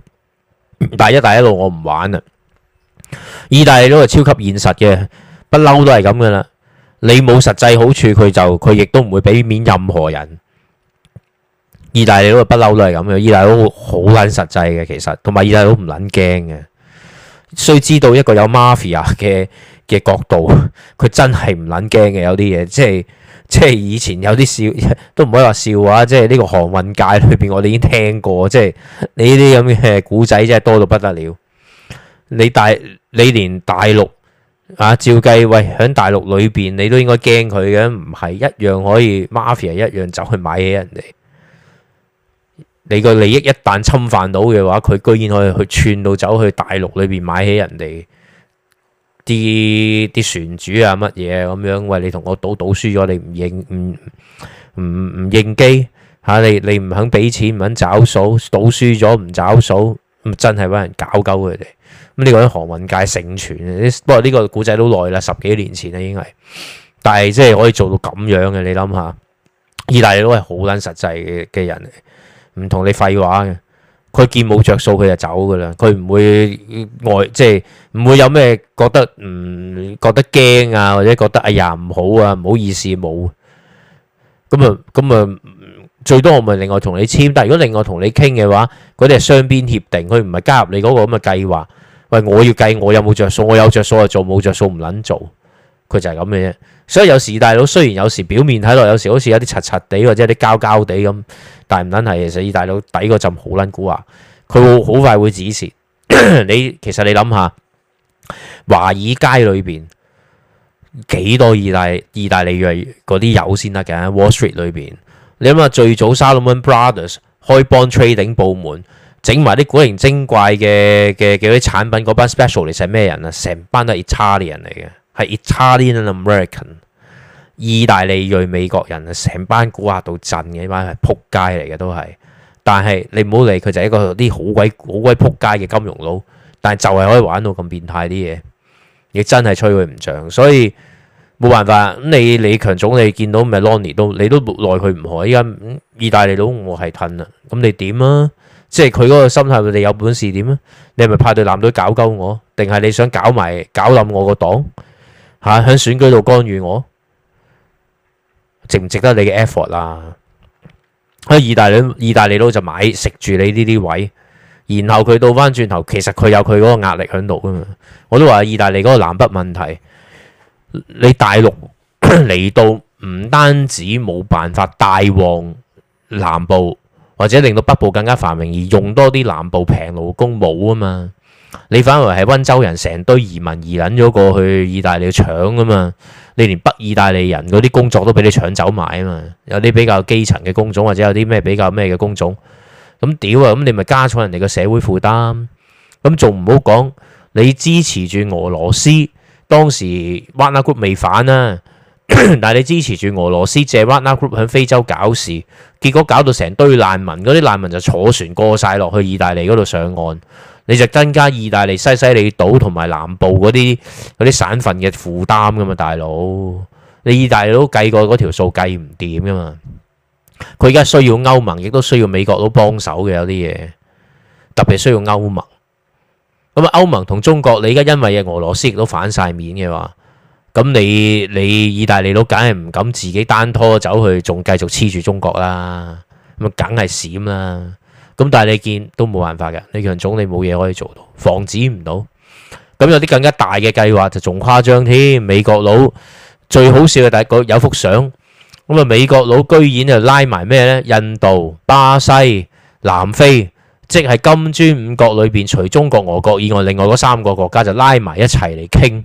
但係一帶一路我唔玩啦。意大利都係超級現實嘅，不嬲都係咁噶啦。你冇實際好處，佢就佢亦都唔會俾面任何人。意大利佬不嬲都係咁嘅，意大利佬好捻實際嘅，其實同埋意大利佬唔捻驚嘅。需知道一個有 mafia 嘅嘅角度，佢真係唔捻驚嘅。有啲嘢即係即係以前有啲笑都唔可以話笑話。即係呢個航運界裏邊，我哋已經聽過，即係你呢啲咁嘅古仔真係多到不得了。你大你連大陸啊照計喂，喺大陸裏邊你都應該驚佢嘅，唔係一樣可以 mafia 一樣走去買嘢人哋。你個利益一旦侵犯到嘅話，佢居然可以去串到走去大陸裏邊買起人哋啲啲船主啊乜嘢咁樣。喂，你同我賭賭輸咗，你唔應唔唔唔應機嚇、啊，你你唔肯俾錢，唔肯找數，賭輸咗唔找數，咪真係揾人搞鳩佢哋。咁呢個航運界盛傳啊，不過呢個古仔都耐啦，十幾年前啦已經係，但係即係可以做到咁樣嘅。你諗下，意大利都係好撚實際嘅嘅人唔同你廢話嘅，佢見冇着數，佢就走噶啦。佢唔會外、呃、即係唔會有咩覺得唔、嗯、覺得驚啊，或者覺得哎呀唔好啊，唔好意思冇。咁啊咁啊，最多我咪另外同你簽。但係如果另外同你傾嘅話，嗰啲係雙邊協定，佢唔係加入你嗰個咁嘅計劃。喂，我要計我有冇着數，我有着數就做，冇着數唔捻做。佢就係咁嘅啫。所以有時大佬雖然有時表面睇落有時好似有啲柒柒地或者有啲膠膠地咁，但唔撚係，其實意大利佬底個陣好撚蠱惑，佢會好快會止蝕。 你其實你諗下，華爾街裏邊幾多意大意大利裔嗰啲友先得嘅？Wall Street 裏邊，你諗下最早 Salomon Brothers 開 bond trading 部門，整埋啲古靈精怪嘅嘅啲產品，嗰班 special 嚟係咩人啊？成班都係 Italian 嚟嘅。係 Italian American，意大利裔美國人，成班估嚇到震嘅，呢班係撲街嚟嘅都係。但係你唔好理佢，就係一個啲好鬼好鬼撲街嘅金融佬。但係就係可以玩到咁變態啲嘢，你真係吹佢唔脹，所以冇辦法。咁你李強總，你總理見到咪 lonny 都你都奈佢唔何。依家、嗯、意大利佬我係褪啦，咁你點啊？即係佢嗰個心態，你有本事點啊？你係咪派對隊男到搞鳩我，定係你想搞埋搞冧我個黨？嚇！喺、啊、選舉度干預我，值唔值得你嘅 effort 啊？喺意大利，意大利佬就買食住你呢啲位，然後佢到翻轉頭，其實佢有佢嗰個壓力喺度啊嘛！我都話意大利嗰個南北問題，你大陸嚟 到唔單止冇辦法帶旺南部，或者令到北部更加繁榮，而用多啲南部平勞工冇啊嘛！你反而為係溫州人成堆移民移捻咗過去意大利搶噶嘛？你連北意大利人嗰啲工作都俾你搶走埋啊嘛？有啲比較基層嘅工種或者有啲咩比較咩嘅工種咁屌啊！咁你咪加重人哋嘅社會負擔。咁仲唔好講你支持住俄羅斯，當時 Wagner Group 未反啦，但係你支持住俄羅斯借 Wagner Group 響非洲搞事，結果搞到成堆難民，嗰啲難民就坐船過晒落去意大利嗰度上岸。你就增加意大利西西里島同埋南部嗰啲嗰啲省份嘅負擔噶嘛，大佬，你意大利佬計過嗰條數計唔掂噶嘛？佢而家需要歐盟，亦都需要美國佬幫手嘅，有啲嘢特別需要歐盟。咁啊，歐盟同中國，你而家因為俄羅斯亦都反晒面嘅話，咁你你意大利佬梗係唔敢自己單拖走去，仲繼續黐住中國啦，咁啊梗係閃啦。咁但係你見都冇辦法嘅，李強總理冇嘢可以做到，防止唔到。咁有啲更加大嘅計劃就仲誇張添，美國佬最好笑嘅第一個有幅相，咁啊美國佬居然就拉埋咩呢？印度、巴西、南非，即係金磚五國裏邊除中國、俄國以外，另外嗰三個國家就拉埋一齊嚟傾。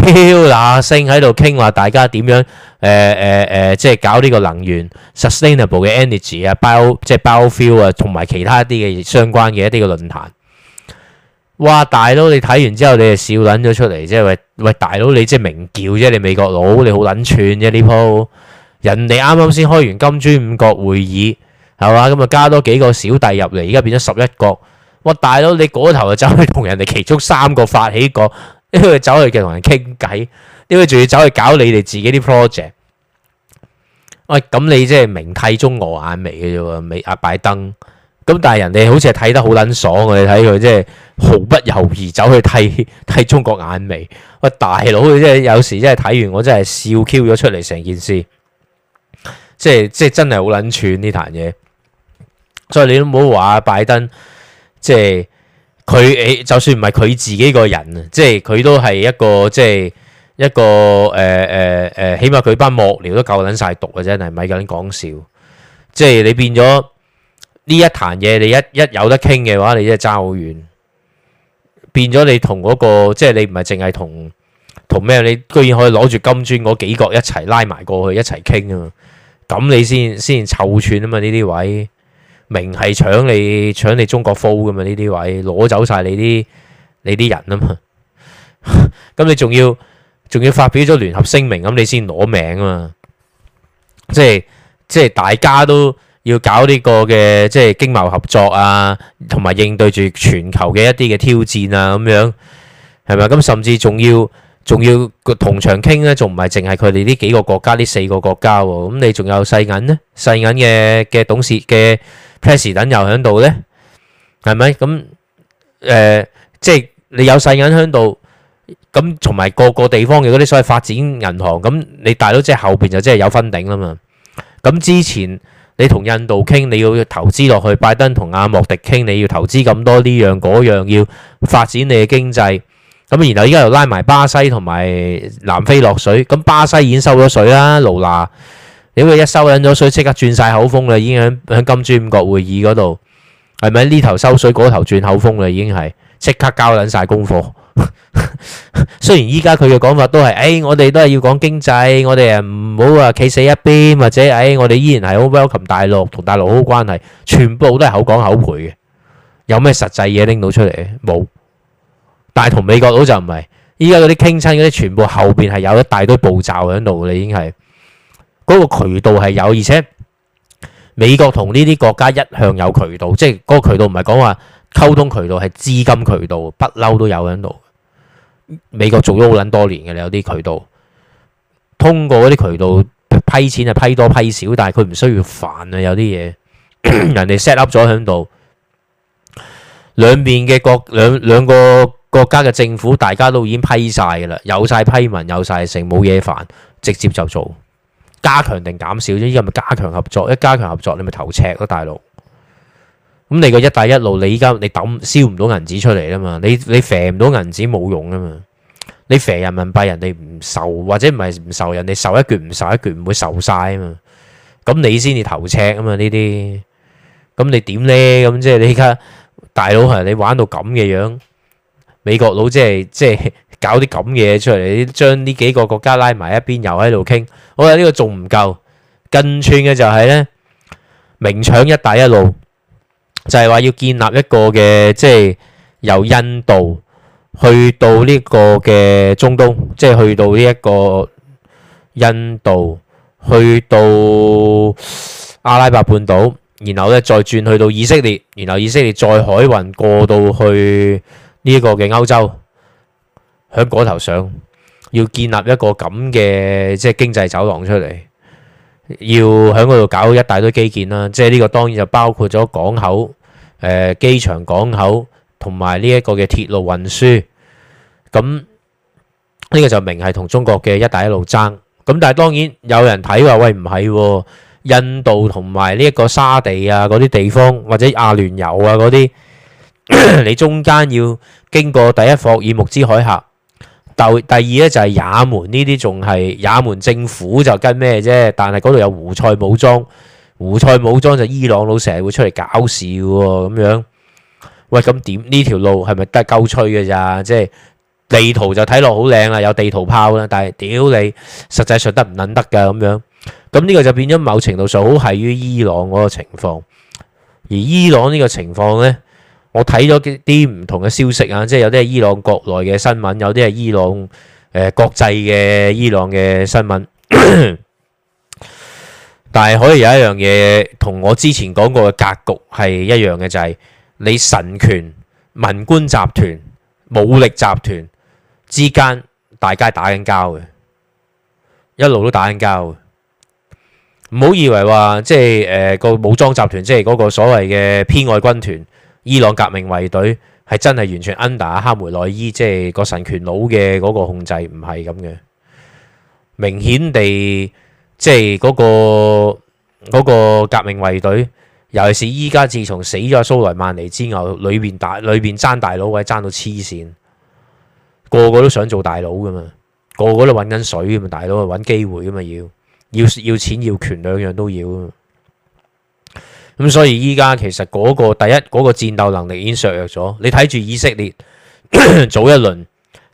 嗱，那聲喺度傾話，大家點樣？誒誒誒，即係搞呢個能源 sustainable 嘅 energy 啊，bio 即係 biofuel 啊，同埋其他一啲嘅相關嘅一啲嘅論壇。哇，大佬你睇完之後你就笑捻咗出嚟，即係喂，喂，大佬你即係明叫啫，你美國佬你好捻串啫呢鋪。人哋啱啱先開完金磚五國會議，係嘛，咁啊加多幾個小弟入嚟，而家變咗十一國。哇，大佬你嗰頭就走去同人哋其中三個發起國。因為走去嘅同人傾偈，因為仲要走去搞你哋自己啲 project。喂、哎，咁你即係明替中俄眼眉嘅啫，咪、啊、阿拜登。咁但係人哋好似係睇得好捻爽，我哋睇佢即係毫不猶豫走去替替中國眼眉。喂、哎，大佬，你即係有時真係睇完我真係笑 Q 咗出嚟，成件事即係即係真係好捻串呢壇嘢。所以你都唔好話阿拜登即係。佢誒，就算唔係佢自己個人，即係佢都係一個，即係一個誒誒誒，起碼佢班幕僚都夠撚晒毒嘅真係，唔係咁講笑。即係你變咗呢一壇嘢，你一一有得傾嘅話，你真係差好遠。變咗你同嗰個，即係你唔係淨係同同咩？你居然可以攞住金磚嗰幾個一齊拉埋過去一齊傾啊！咁你先先臭串啊嘛呢啲位。明係搶你搶你中國富㗎嘛？呢啲位攞走曬你啲你啲人啊嘛，咁你仲要仲要發表咗聯合聲明咁，你先攞名啊嘛，即係即係大家都要搞呢個嘅，即係經貿合作啊，同埋應對住全球嘅一啲嘅挑戰啊，咁樣係咪？咁甚至仲要仲要同場傾咧，仲唔係淨係佢哋呢幾個國家呢四個國家喎？咁你仲有世銀咧，世銀嘅嘅董事嘅，Press 等又喺度呢，係咪？咁誒、呃，即係你有勢緊喺度，咁同埋個個地方嘅嗰啲所謂發展銀行，咁你大佬即係後邊就即係有分頂啦嘛。咁之前你同印度傾，你要投資落去；拜登同阿莫迪傾，你要投資咁多呢樣嗰樣，要發展你嘅經濟。咁然後依家又拉埋巴西同埋南非落水，咁巴西已經收咗水啦，盧娜。你佢一收引咗水，即刻轉晒口風啦，已經喺喺金磚五國會議嗰度，係咪呢頭收水，嗰頭轉口風啦？已經係即刻交緊晒功課。 雖然依家佢嘅講法都係，誒、哎，我哋都係要講經濟，我哋唔好話企死一邊，或者誒、哎，我哋依然係好 welcome 大陸，同大陸好關係，全部都係口講口賠嘅，有咩實際嘢拎到出嚟冇？但係同美國佬就唔係，依家嗰啲傾親嗰啲，全部後邊係有一大堆步驟喺度嘅，你已經係。嗰個渠道係有，而且美國同呢啲國家一向有渠道，即係嗰個渠道唔係講話溝通渠道，係資金渠道，不嬲都有喺度。美國做咗好撚多年嘅，有啲渠道通過嗰啲渠道批錢係批多批少，但係佢唔需要煩啊。有啲嘢人哋 set up 咗喺度，兩邊嘅國兩兩個國家嘅政府大家都已經批晒㗎啦，有晒批文，有晒成，冇嘢煩，直接就做。加強定減少啫，依家咪加強合作。一加強合作，你咪投赤咯，大陸。咁你個一帶一路，你依家你抌燒唔到銀紙出嚟啊嘛？你你肥唔到銀紙冇用啊嘛？你肥人民幣人哋唔受，或者唔係唔受，人哋受一撅唔受一撅，唔會受晒啊嘛？咁你先至投赤啊嘛？呢啲咁你點呢？咁即係你依家大佬係你玩到咁嘅樣。美國佬即係即係搞啲咁嘅嘢出嚟，將呢幾個國家拉埋一邊，又喺度傾。我覺得，呢個仲唔夠更串嘅就係咧，明搶一帶一路就係話要建立一個嘅，即係由印度去到呢個嘅中東，即係去到呢一個印度去到阿拉伯半島，然後咧再轉去到以色列，然後以色列再海運過到去。呢個嘅歐洲喺嗰頭上要建立一個咁嘅即係經濟走廊出嚟，要喺嗰度搞一大堆基建啦。即係呢個當然就包括咗港口、誒機場、港口同埋呢一個嘅鐵路運輸。咁呢個就明係同中國嘅「一帶一路」爭。咁但係當然有人睇話：喂，唔係，印度同埋呢一個沙地啊嗰啲地方，或者阿聯酋啊嗰啲。你中間要經過第一霍爾木茲海峽，第第二咧就係也門呢啲，仲係也門政府就跟咩啫？但係嗰度有胡塞武裝，胡塞武裝就伊朗佬成日會出嚟搞事咁樣。喂，咁點呢條路係咪得鳩吹嘅咋？即係地圖就睇落好靚啦，有地圖炮啦，但係屌你，實際上得唔撚得噶咁樣。咁呢個就變咗某程度上好係於伊朗嗰個情況，而伊朗呢個情況咧，我睇咗啲唔同嘅消息啊，即係有啲係伊朗國內嘅新聞，有啲係伊朗誒、呃、國際嘅伊朗嘅新聞。 但係可以有一樣嘢同我之前講過嘅格局係一樣嘅，就係、是、你神權、文官集團、武力集團之間，大家打緊交嘅，一路都打緊交嘅。唔好以為話即係誒個武裝集團，即係嗰、呃、個所謂嘅偏愛軍團。伊朗革命衛隊係真係完全 under 哈梅內伊，即係個神權佬嘅嗰個控制，唔係咁嘅。明顯地，即係嗰個、嗰個革命衛隊，尤其是依家自從死咗蘇萊曼尼之後，裏邊打裏邊爭大佬位，爭到黐線，個個都想做大佬噶嘛，個個都揾緊水噶嘛，大佬啊揾機會噶嘛，要要要錢要權，兩樣都要嘛。咁所以依家其實嗰個第一嗰個戰鬥能力已經削弱咗。你睇住以色列 早一輪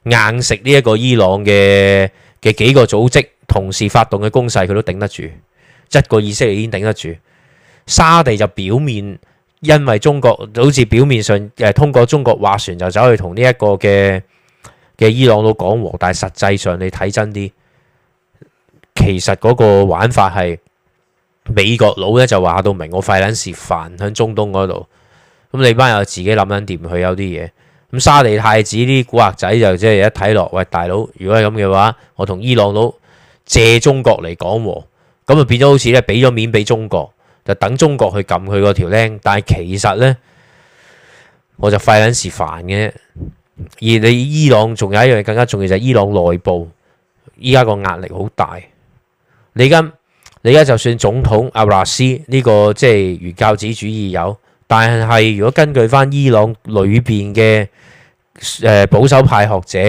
硬食呢一個伊朗嘅嘅幾個組織同時發動嘅攻勢，佢都頂得住。一個以色列已經頂得住。沙地就表面因為中國好似表面上誒通過中國划船就走去同呢一個嘅嘅伊朗佬講和，但係實際上你睇真啲，其實嗰個玩法係。美國佬咧就話到明我，我費撚事煩喺中東嗰度，咁你班友自己諗撚掂佢有啲嘢，咁沙地太子啲古惑仔就即係一睇落，喂，大佬，如果係咁嘅話，我同伊朗佬借中國嚟講和，咁就變咗好似咧俾咗面俾中國，就等中國去撳佢嗰條僆，但係其實咧我就費撚事煩嘅，而你伊朗仲有一樣更加重要就係、是、伊朗內部依家個壓力好大，你今。你而家就算總統阿華斯呢、這個即係原教旨主義有，但係如果根據翻伊朗裏邊嘅誒保守派學者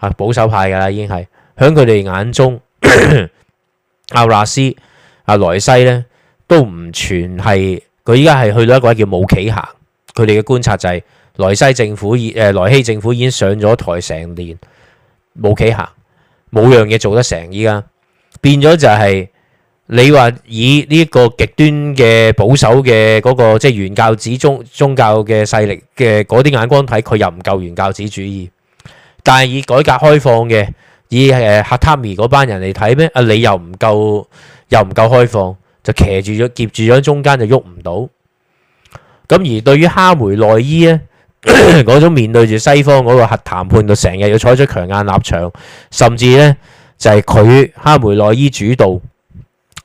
嚇、啊、保守派㗎啦，已經係喺佢哋眼中， 阿華斯阿、啊、萊西咧都唔全係佢而家係去到一個叫冇企行。佢哋嘅觀察就係、是、萊西政府以誒萊希政府已經上咗台成年冇企行，冇樣嘢做得成。依家變咗就係、是。你話以呢一個極端嘅保守嘅嗰、那個即係、就是、原教旨宗宗教嘅勢力嘅嗰啲眼光睇，佢又唔夠原教旨主義。但係以改革開放嘅以哈塔米嗰班人嚟睇咧，啊，你又唔夠又唔夠開放，就騎住咗、夾住咗中間就喐唔到。咁而對於哈梅內伊呢，嗰 種面對住西方嗰個核談判就成日要採取強硬立場，甚至呢，就係、是、佢哈梅內伊主導。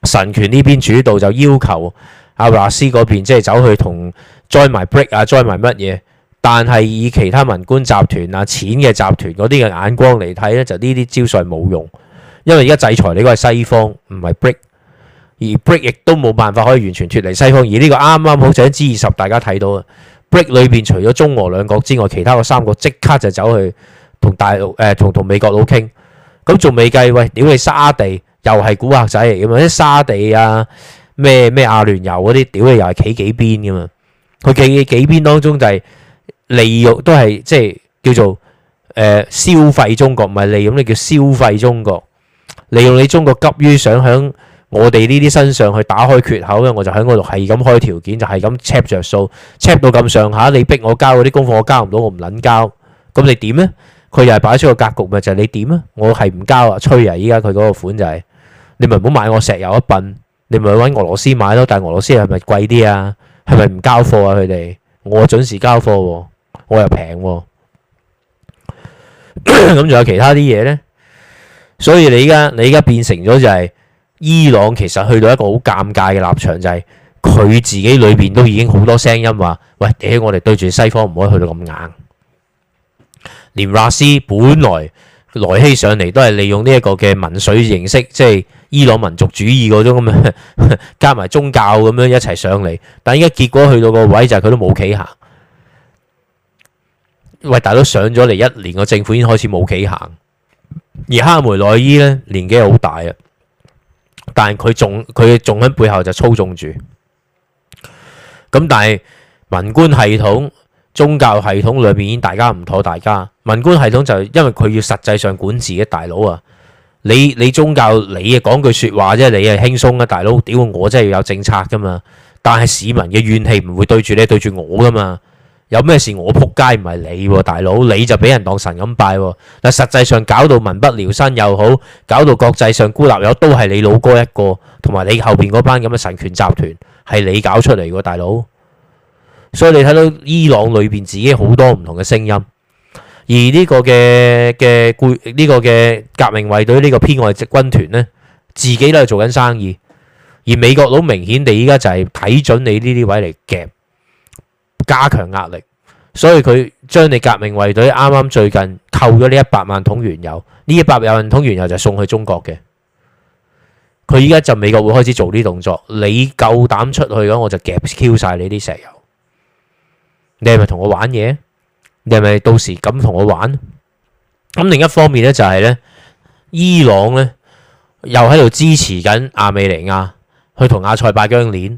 神權呢邊主導，就要求阿華斯嗰邊，即、就、係、是、走去同栽埋 b r i c k 啊，栽埋乜嘢？但係以其他文官集團啊、錢嘅集團嗰啲嘅眼光嚟睇咧，就呢啲招數係冇用，因為而家制裁呢個係西方，唔係 b r i c k，而 b r i c k 亦都冇辦法可以完全脫離西方。而呢個啱啱好似喺 G20，大家睇到啊，b r i c k 裏邊除咗中俄兩國之外，其他個三個即刻就走去同大陸誒，同、呃、同美國佬傾。咁仲未計喂，屌你沙地！又係古惑仔嚟噶嘛？啲沙地啊，咩咩阿聯酋嗰啲屌，你又係企幾邊噶嘛？佢企幾邊當中就係利用，都係即係叫做誒、呃、消費中國，唔係利用，呢叫消費中國。利用你中國急於想喺我哋呢啲身上去打開缺口咧，我就喺嗰度係咁開條件，就係咁 check 着數，check 到咁上下，你逼我交嗰啲功課，我交唔到，我唔捻交。咁你點呢？佢又係擺出個格局咪就係、是、你點啊？我係唔交啊，吹啊！依家佢嗰個款就係、是。你咪唔好買我石油一品，你咪去搵俄羅斯買咯。但係俄羅斯係咪貴啲啊？係咪唔交貨啊？佢哋我準時交貨，我又平。咁仲有其他啲嘢呢？所以你而家你而家變成咗就係伊朗，其實去到一個好尷尬嘅立場，就係佢自己裏邊都已經好多聲音話：喂，我哋對住西方唔可以去到咁硬。連拉絲本來萊希上嚟都係利用呢一個嘅民粹形式，即係。伊朗民族主義嗰種咁樣， 加埋宗教咁樣一齊上嚟，但依家結果去到個位就係佢都冇企行。喂，大佬上咗嚟一年個政府已經開始冇企行，而哈梅內伊咧年紀好大啊，但係佢仲佢仲喺背後就操縱住。咁但係文官系統、宗教系統裏面已經大家唔妥，大家文官系統就係因為佢要實際上管治嘅大佬啊。你你宗教你啊講句說話啫，你係輕鬆啊，大佬。屌我真係要有政策噶嘛，但係市民嘅怨氣唔會對住你，對住我噶嘛。有咩事我撲街唔係你喎，大佬。你就俾人當神咁拜喎。但，實際上搞到民不聊生又好，搞到國際上孤立友都係你老哥一個，同埋你後邊嗰班咁嘅神權集團係你搞出嚟嘅，大佬。所以你睇到伊朗裏邊自己好多唔同嘅聲音。而呢個嘅嘅固，呢個嘅革命衛隊呢個偏外籍軍團呢，自己都係做緊生意，而美國佬明顯地依家就係睇準你呢啲位嚟夾，加強壓力，所以佢將你革命衛隊啱啱最近扣咗呢一百萬桶原油，呢一百萬桶原油就送去中國嘅，佢依家就美國會開始做呢啲動作，你夠膽出去嘅話，我就夾 Q 晒你啲石油，你係咪同我玩嘢？你係咪到時咁同我玩？咁另一方面咧，就係咧，伊朗咧又喺度支持緊亞美尼亞去同亞塞拜疆練。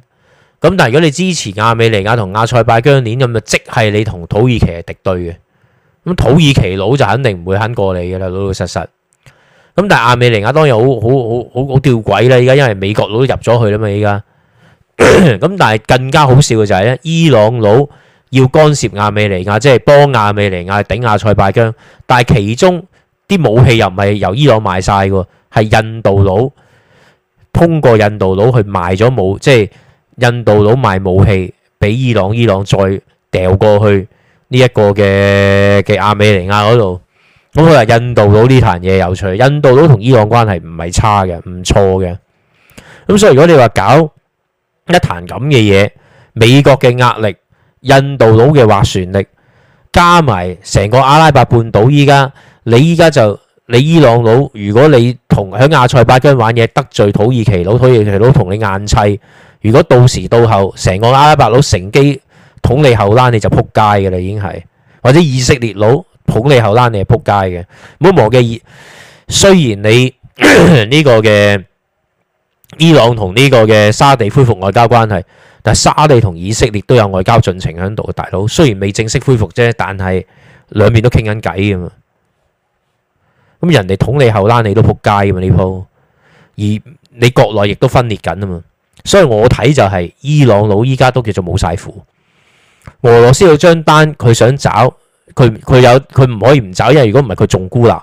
咁但係如果你支持亞美尼亞同亞塞拜疆練，咁就即係你同土耳其係敵對嘅。咁土耳其佬就肯定唔會肯過你噶啦，老老實實。咁但係亞美尼亞當然好好好好好吊詭啦，而家因為美國佬都入咗去啦嘛，而家。咁 但係更加好笑嘅就係咧，伊朗佬。要干涉亞美尼亞，即係幫亞美尼亞頂亞塞拜疆，但係其中啲武器又唔係由伊朗賣曬嘅，係印度佬通過印度佬去賣咗武，即係印度佬賣武器俾伊朗，伊朗再掉過去呢一個嘅嘅亞美尼亞嗰度。咁佢話印度佬呢壇嘢有趣，印度佬同伊朗關係唔係差嘅，唔錯嘅。咁所以如果你話搞一壇咁嘅嘢，美國嘅壓力。印度佬嘅划船力，加埋成個阿拉伯半島，依家你依家就你伊朗佬，如果你同喺亞塞拜疆玩嘢得罪土耳其佬，土耳其佬同你硬砌，如果到時到後成個阿拉伯佬乘機捅你後欄，你就仆街嘅啦，已經係或者以色列佬捅你後欄，你係仆街嘅。唔好忘記，雖然你呢 個嘅伊朗同呢個嘅沙地恢復外交關係。但沙地同以色列都有外交進程喺度，大佬雖然未正式恢復啫，但係兩邊都傾緊偈啊嘛。咁人哋捅你後欄，你都仆街噶嘛呢鋪，而你國內亦都分裂緊啊嘛。所以我睇就係、是、伊朗佬依家都叫做冇晒符，俄羅斯有張單，佢想找，佢佢有，佢唔可以唔找，因為如果唔係佢仲孤立。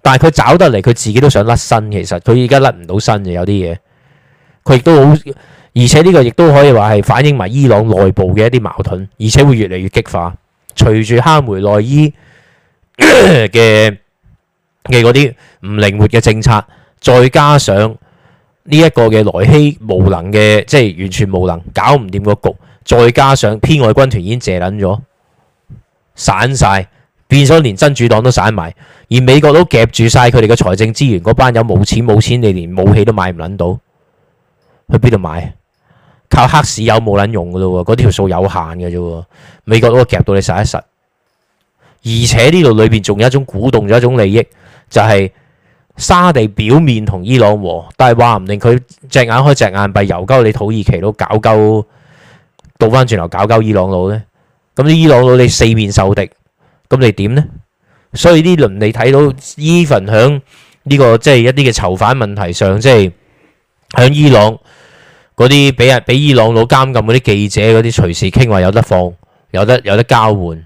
但係佢找得嚟，佢自己都想甩身，其實佢依家甩唔到身嘅有啲嘢，佢亦都好。而且呢個亦都可以話係反映埋伊朗內部嘅一啲矛盾，而且會越嚟越激化。隨住哈梅內伊嘅嘅嗰啲唔靈活嘅政策，再加上呢一個嘅萊希無能嘅，即係完全無能，搞唔掂個局。再加上編外軍團已經借撚咗，散晒，變咗連真主黨都散埋，而美國都夾住晒佢哋嘅財政資源，嗰班友冇錢冇錢，你連武器都買唔撚到，去邊度買？靠黑市有冇撚用噶咯喎？嗰啲條數有限嘅啫喎，美國都會夾到你實一實。而且呢度裏邊仲有一種鼓動，有一種利益，就係沙地表面同伊朗和，但係話唔定佢隻眼開隻眼閉，由鳩你土耳其都搞鳩，倒翻轉頭搞鳩伊朗佬呢。咁啲伊朗佬你四面受敵，咁你點呢？所以呢輪你睇到 even 響呢個即係一啲嘅囚犯問題上，即係響伊朗。嗰啲俾人俾伊朗佬監禁嗰啲記者，嗰啲隨時傾話有得放，有得有得交換。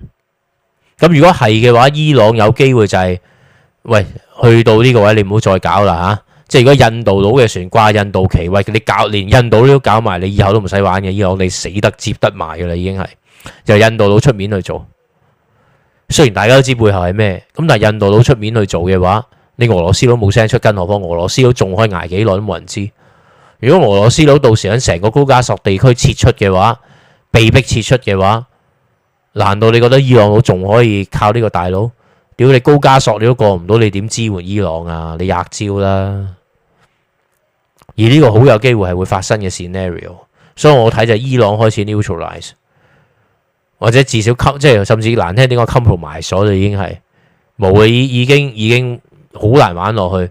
咁如果係嘅話，伊朗有機會就係、是、喂去到呢個位，你唔好再搞啦嚇、啊。即係如果印度佬嘅船掛印度旗，喂你搞連印度都都搞埋，你以後都唔使玩嘅。伊朗你死得接得埋噶啦，已經係由、就是、印度佬出面去做。雖然大家都知背後係咩，咁但係印度佬出面去做嘅話，你俄羅斯都冇聲出，更何況俄羅斯都仲可以捱幾耐都冇人知。如果俄羅斯佬到時喺成個高加索地區撤出嘅話，被逼撤出嘅話，難道你覺得伊朗佬仲可以靠呢個大佬？屌你高加索你都過唔到，你點支援伊朗啊？你壓招啦！而呢個好有機會係會發生嘅 scenario，所以我睇就伊朗開始 neutralize，或者至少 com 即係甚至難聽啲講 compromise 咗就已經係無謂，已已已經好難玩落去。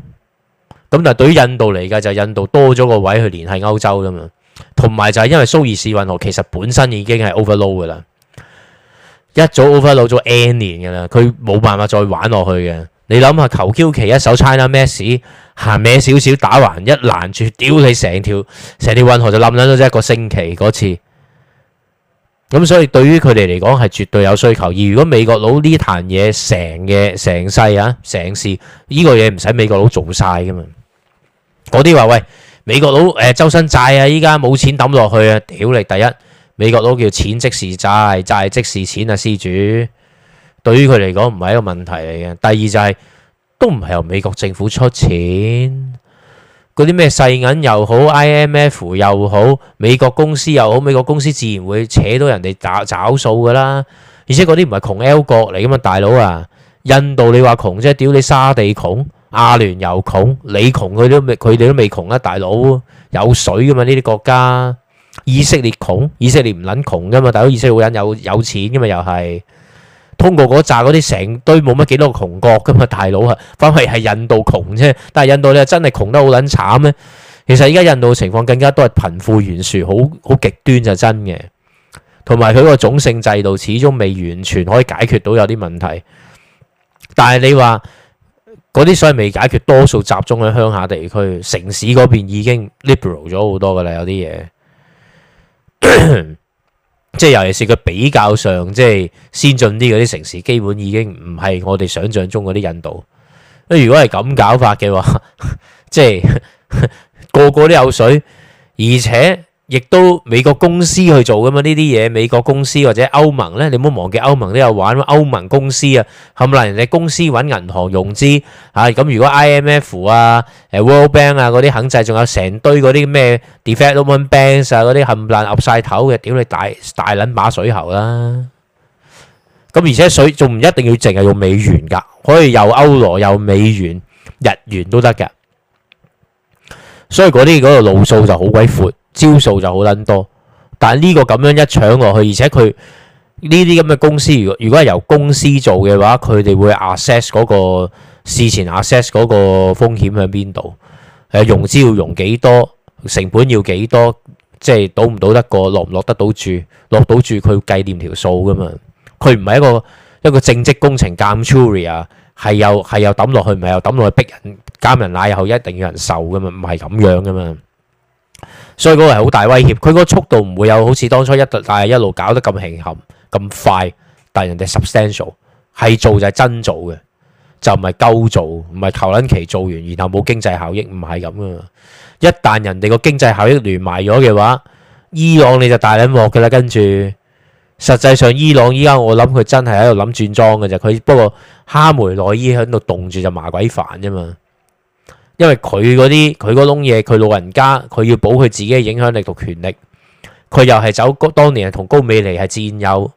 咁但係對於印度嚟嘅就係印度多咗個位去聯繫歐洲㗎嘛，同埋就係因為蘇伊士運河其實本身已經係 overload 㗎喇，一早 overload 咗 N 年㗎喇，佢冇辦法再玩落去嘅。你諗下，求其一手 China Mess 行歪少少打橫一攔住，屌你成條成條運河就冧撚咗一個星期嗰次。咁所以對於佢哋嚟講係絕對有需求。而如果美國佬呢壇嘢成嘅成世啊成事，呢個嘢唔使美國佬做晒㗎嘛。嗰啲話，喂，美國佬誒、呃，周身債啊，依家冇錢抌落去啊，屌你！第一，美國佬叫錢即是債，債即是錢啊，施主。對於佢嚟講唔係一個問題嚟嘅。第二就係、是、都唔係由美國政府出錢，嗰啲咩世銀又好，IMF 又好，美國公司又好，美國公司自然會扯到人哋找找數噶啦。而且嗰啲唔係窮 L 國嚟噶嘛，大佬啊，印度你話窮啫，屌你沙地窮。阿聯酋又窮，你窮佢都，都未，佢哋都未窮啊！大佬有水噶嘛？呢啲國家，以色列窮，以色列唔捻窮噶嘛？大佬以色列好捻有有錢噶嘛？又係通過嗰扎嗰啲成堆冇乜幾多個窮國噶嘛？大佬啊，反為係印度窮啫，但係印度你真係窮得好捻慘咧。其實依家印度情況更加多係貧富懸殊，好好極端就真嘅。同埋佢個種姓制度始終未完全可以解決到有啲問題，但係你話。嗰啲所以未解決，多數集中喺鄉下地區，城市嗰邊已經 liberal 咗好多㗎喇，有啲嘢， 即係尤其是佢比較上，即係先進啲嗰啲城市，基本已經唔係我哋想像中嗰啲印度。如果係咁搞法嘅話，即係個個都有水，而且。亦都美國公司去做噶嘛。呢啲嘢，美國公司或者歐盟咧，你唔好忘記歐盟都有玩。歐盟公司啊，冚爛人哋公司揾銀行融資嚇。咁如果 IMF 啊、誒 World Bank 啊嗰啲肯制，仲有成堆嗰啲咩 development banks 啊嗰啲冚爛噏晒頭嘅，屌你大大撚把水喉啦！咁而且水仲唔一定要淨係用美元㗎，可以又歐羅又美元、日元都得㗎，所以嗰啲嗰個路數就好鬼闊。招數就好撚多，但係呢個咁樣一搶落去，而且佢呢啲咁嘅公司，如果如果係由公司做嘅話，佢哋會 assess 嗰個事前 assess 嗰個風險喺邊度？誒、啊、融資要融幾多？成本要幾多？即係賭唔賭得過，落唔落得到注，落到注佢計掂條數噶嘛？佢唔係一個一個政績工程 game theory 啊，係又係又抌落去，唔係又抌落去逼人加人奶，然後一定要人受噶嘛？唔係咁樣噶嘛？所以嗰個係好大威脅，佢個速度唔會有好似當初一但係一路搞得咁輕冚咁快，但係人哋 substantial 係做就係真做嘅，就唔係鳩做，唔係求撚其做完然後冇經濟效益，唔係咁啊！一旦人哋個經濟效益聯埋咗嘅話，伊朗你就大撚鑊㗎啦。跟住實際上，伊朗依家我諗佢真係喺度諗轉裝㗎啫，佢不過哈梅內伊喺度凍住就麻鬼煩啫嘛。因為佢嗰啲佢嗰窿嘢，佢老人家佢要保佢自己嘅影響力同權力，佢又係走高，當年係同高美妮係戰友，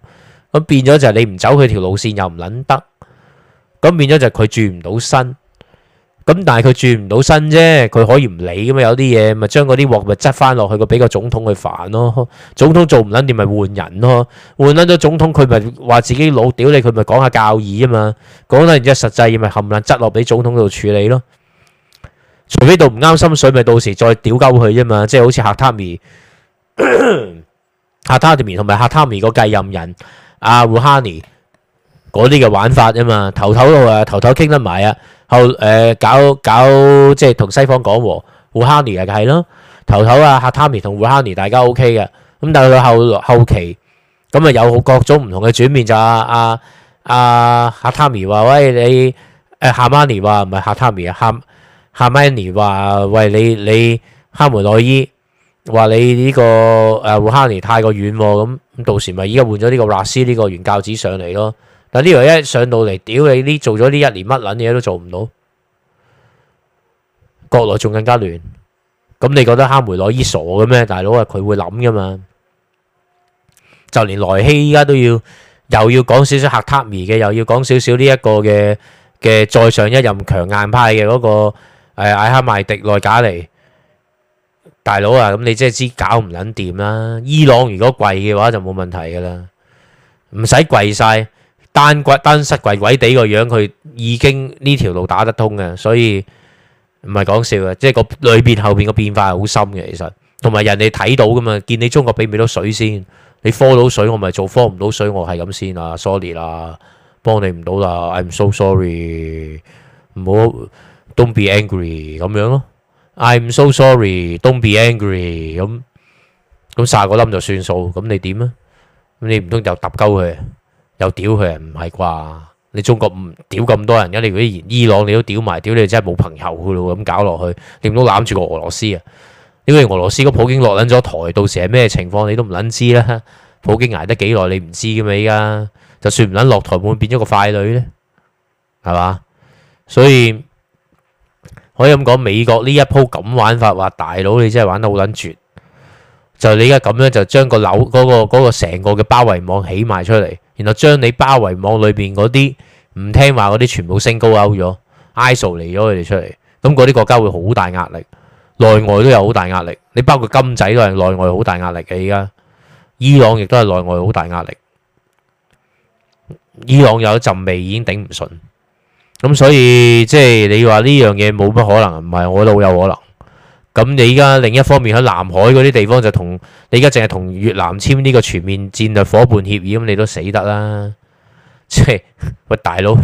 咁變咗就你唔走佢條路線又唔捻得，咁變咗就佢轉唔到身，咁但係佢轉唔到身啫，佢可以唔理噶嘛，有啲嘢咪將嗰啲鑊咪執翻落去個俾個總統去煩咯，總統做唔捻掂咪換人咯，換撚咗總統佢咪話自己老屌你，佢咪講下教義啊嘛，講撚完之後實際嘢咪冚唪唥執落俾總統度處理咯。除非到唔啱心水，咪到時再屌鳩佢啫嘛，即係好似哈塔米、 哈塔米同埋哈塔米個繼任人阿胡、啊、哈尼嗰啲嘅玩法啫嘛、呃就是，頭頭啊頭頭傾得埋啊，後誒搞搞即係同西方講和胡哈尼啊係咯，頭頭啊哈塔米同胡哈尼大家 O K 嘅，咁但係到後後期咁啊有各種唔同嘅轉變，就阿、是、阿、啊啊啊、哈塔米話喂你誒哈馬尼話唔係哈塔米啊哈。哈梅尼話：喂，你你哈梅內伊話你呢、這個誒烏、啊、哈尼太過軟喎、啊，咁咁到時咪依家換咗呢個萊希呢個原教旨上嚟咯。但呢個一上到嚟，屌 你呢，做咗呢一年乜撚嘢都做唔到，國內仲更加亂。咁你覺得哈梅內伊傻嘅咩？大佬啊，佢會諗噶嘛？就連萊希依家都要又要講少少哈塔米嘅，又要講少少呢一個嘅嘅再上一任強硬派嘅嗰、那個。係艾哈邁迪內賈尼大佬啊！咁你即係知搞唔撚掂啦。伊朗如果跪嘅話就冇問題噶啦，唔使跪曬，單跪單膝跪跪地個樣，佢已經呢條路打得通嘅，所以唔係講笑啊！即係個裏邊後邊個變化係好深嘅，其實同埋人哋睇到噶嘛，見你中國俾唔到水先，你科到水我咪做，科唔到水我係咁先啦。Sorry 啦，幫你唔到啦，I'm so sorry，唔好。Don't be angry 咁樣咯，I'm so sorry，Don't be angry 咁咁晒個冧就算數，咁你點啊？咁你唔通就搭鳩佢，又屌佢啊？唔係啩？你中國唔屌咁多人嘅，你嗰啲伊朗你都屌埋，屌你真係冇朋友嘅咯，咁搞落去，你唔都攬住個俄羅斯啊？因為俄羅斯個普京落撚咗台，到時係咩情況你都唔撚知啦。普京捱得幾耐你唔知咁你噶，而家就算唔撚落台，會變咗個傀儡呢，係嘛？所以。可以咁講，美國呢一鋪咁玩法，話大佬你真係玩得好捻絕。就你而家咁樣就、嗰個，就、嗰、將個樓嗰、嗰個成個嘅包圍網起埋出嚟，然後將你包圍網裏邊嗰啲唔聽話嗰啲，全部 single out 咗，isolate 咗佢哋出嚟。咁嗰啲國家會好大壓力，內外都有好大壓力。你包括金仔都係內外好大壓力嘅。而家伊朗亦都係內外好大壓力。伊朗有一陣味已經頂唔順。咁所以即係你話呢樣嘢冇乜可能，唔係我都好有可能。咁你依家另一方面喺南海嗰啲地方就同你依家淨係同越南簽呢個全面戰略夥伴協議，咁你都死得啦。即係喂大佬，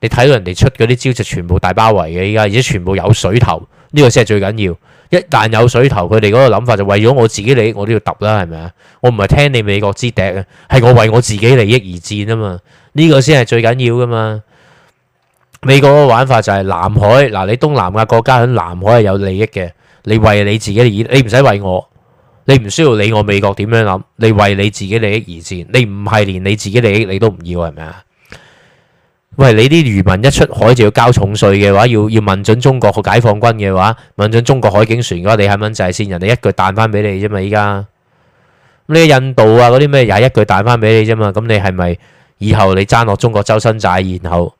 你睇到人哋出嗰啲招就全部大包圍嘅，依家而且全部有水頭，呢個先係最緊要。一旦有水頭，佢哋嗰個諗法就為咗我自己利益，我都要揼啦，係咪啊？我唔係聽你美國支笛啊，係我為我自己利益而戰啊嘛，呢個先係最緊要噶嘛。美國嘅玩法就係南海嗱，你東南亞國家喺南海係有利益嘅，你為你自己利益，你唔使為我，你唔需要理我美國點樣諗，你為你自己利益而戰，你唔係連你自己利益你都唔要係咪啊？喂，你啲漁民一出海就要交重稅嘅話，要要問準中國個解放軍嘅話，問準中國海警船嘅話，你係咪就係先人，人哋一句彈翻俾你啫嘛！依家呢印度啊嗰啲咩又一句彈翻俾你啫嘛，咁你係咪以後你爭落中國周身債，然後？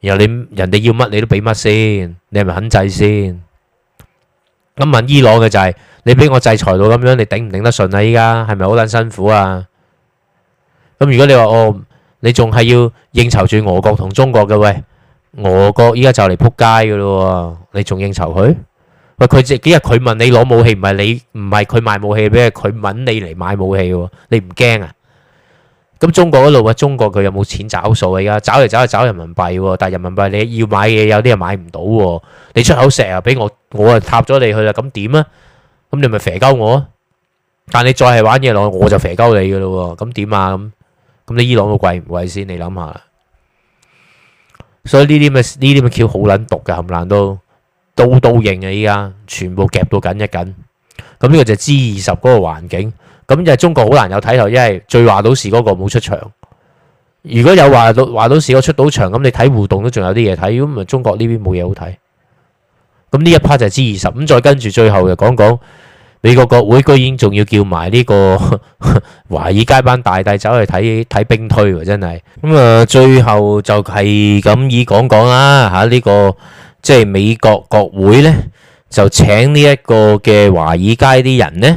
然後你人哋要乜你都俾乜先，你係咪肯制先？咁問伊朗嘅就係你俾我制裁到咁樣，你頂唔頂得順啊？依家係咪好撚辛苦啊？咁如果你話哦，你仲係要應酬住俄國同中國嘅喂，俄國依家就嚟扑街噶咯，你仲應酬佢？喂，佢即係幾日佢問你攞武器，唔係你唔係佢賣武器咩？佢問你嚟買武器，你唔驚啊？咁中國嗰度啊，中國佢有冇錢找數啊？而家找嚟找去找人民幣喎，但係人民幣你要買嘢有啲人買唔到喎。你出口石又俾我，我啊撻咗你去啦，咁點啊？咁你咪肥鳩我啊？但你再係玩嘢落去，我就肥鳩你噶咯喎。咁點啊？咁咁你伊朗個貴唔貴先？你諗下啦。所以呢啲咪呢啲咪橋好撚毒嘅，冚爛都都都應嘅。依家全部夾到緊一緊，緊。咁呢個就係 G 二十嗰個環境。咁就係中國好難有睇頭，因為最話得事嗰個冇出場。如果有話得話得事個出到場，咁你睇互動都仲有啲嘢睇。如果唔係中國呢邊冇嘢好睇。咁呢一 part 就係 G20，咁再跟住最後嘅講講美國國會，居然仲要叫埋呢個 華爾街班大帝走去睇睇兵推喎，真係。咁啊，最後就係咁以講講啦嚇呢個即係、就係、美國國會呢，就請呢一個嘅華爾街啲人呢。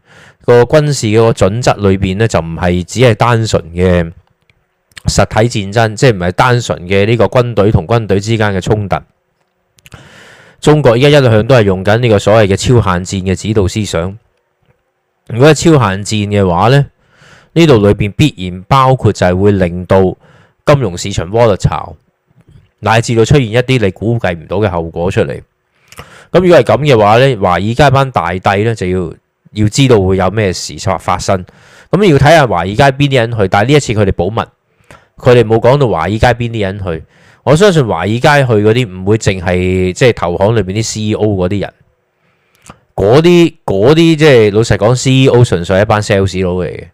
個軍事個準則裏邊呢，就唔係只係單純嘅實體戰爭，即係唔係單純嘅呢個軍隊同軍隊之間嘅衝突。中國依家，一向都係用緊呢個所謂嘅超限戰嘅指導思想。如果係超限戰嘅話咧，呢度裏邊必然包括就係會令到金融市場窩輪，乃至到出現一啲你估計唔到嘅後果出嚟。咁如果係咁嘅話呢，華爾街班大帝呢，就要。要知道會有咩事錯發生，咁要睇下華爾街邊啲人去。但係呢一次佢哋保密，佢哋冇講到華爾街邊啲人去。我相信華爾街去嗰啲唔會淨係即係投行裏邊啲 CEO 嗰啲人，嗰啲嗰啲即係老實講 CEO 純粹係一班 sales 佬嚟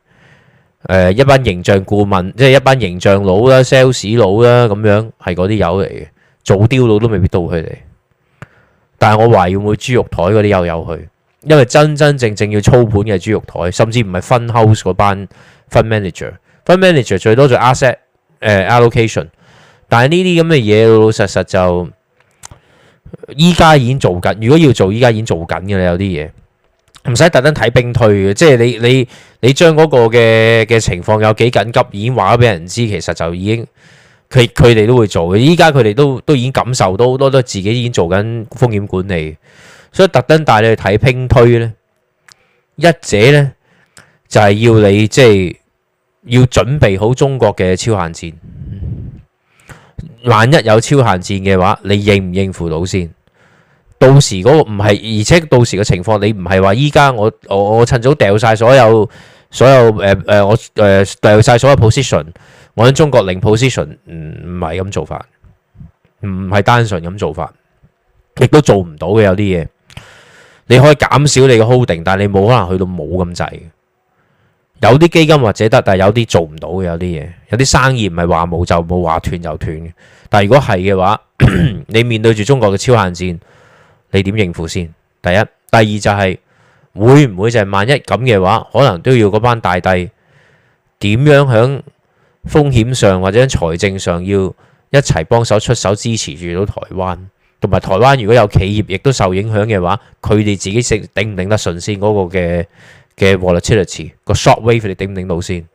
嘅，誒一班形象顧問即係一班形象佬啦、sales 佬啦咁樣，係嗰啲友嚟嘅，做雕佬都未必到佢哋。但係我懷疑會豬肉台嗰啲友有去。因為真真正正要操盤嘅豬肉台，甚至唔係 fund house 嗰班 fund manager fund manager 最多就 asset 誒、uh, allocation，但係呢啲咁嘅嘢老老實實就依家已經做緊。如果要做，依家已經做緊嘅啦，有啲嘢唔使特登睇兵推嘅，即係你你你將嗰個嘅嘅情況有幾緊急，已經話咗俾人知，其實就已經佢佢哋都會做。依家佢哋都都已經感受到好多都自己已經做緊風險管理。所以特登帶你去睇拼推呢，一者呢，就係、是、要你即係、就是、要準備好中國嘅超限戰。萬一有超限戰嘅話，你應唔應付到先？到時嗰個唔係，而且到時嘅情況你唔係話依家我我我趁早掉晒所有所有誒誒、呃、我誒、呃、掉晒所有 position，我喺中國零 position，唔唔係咁做法，唔係單純咁做法，亦都做唔到嘅有啲嘢。你可以減少你嘅 holding，但係你冇可能去到冇咁滯。有啲基金或者得，但係有啲做唔到嘅，有啲嘢，有啲生意唔係話冇就冇，話斷就斷，但係如果係嘅話， 你面對住中國嘅超限戰，你點應付先？第一、第二就係、是、會唔會就係萬一咁嘅話，可能都要嗰班大帝點樣喺風險上或者喺財政上要一齊幫手出手支持住到台灣？同埋台灣如果有企業亦都受影響嘅話，佢哋自己食頂唔頂得順先，嗰個嘅嘅 volatility 個 short wave 你哋頂唔頂到先？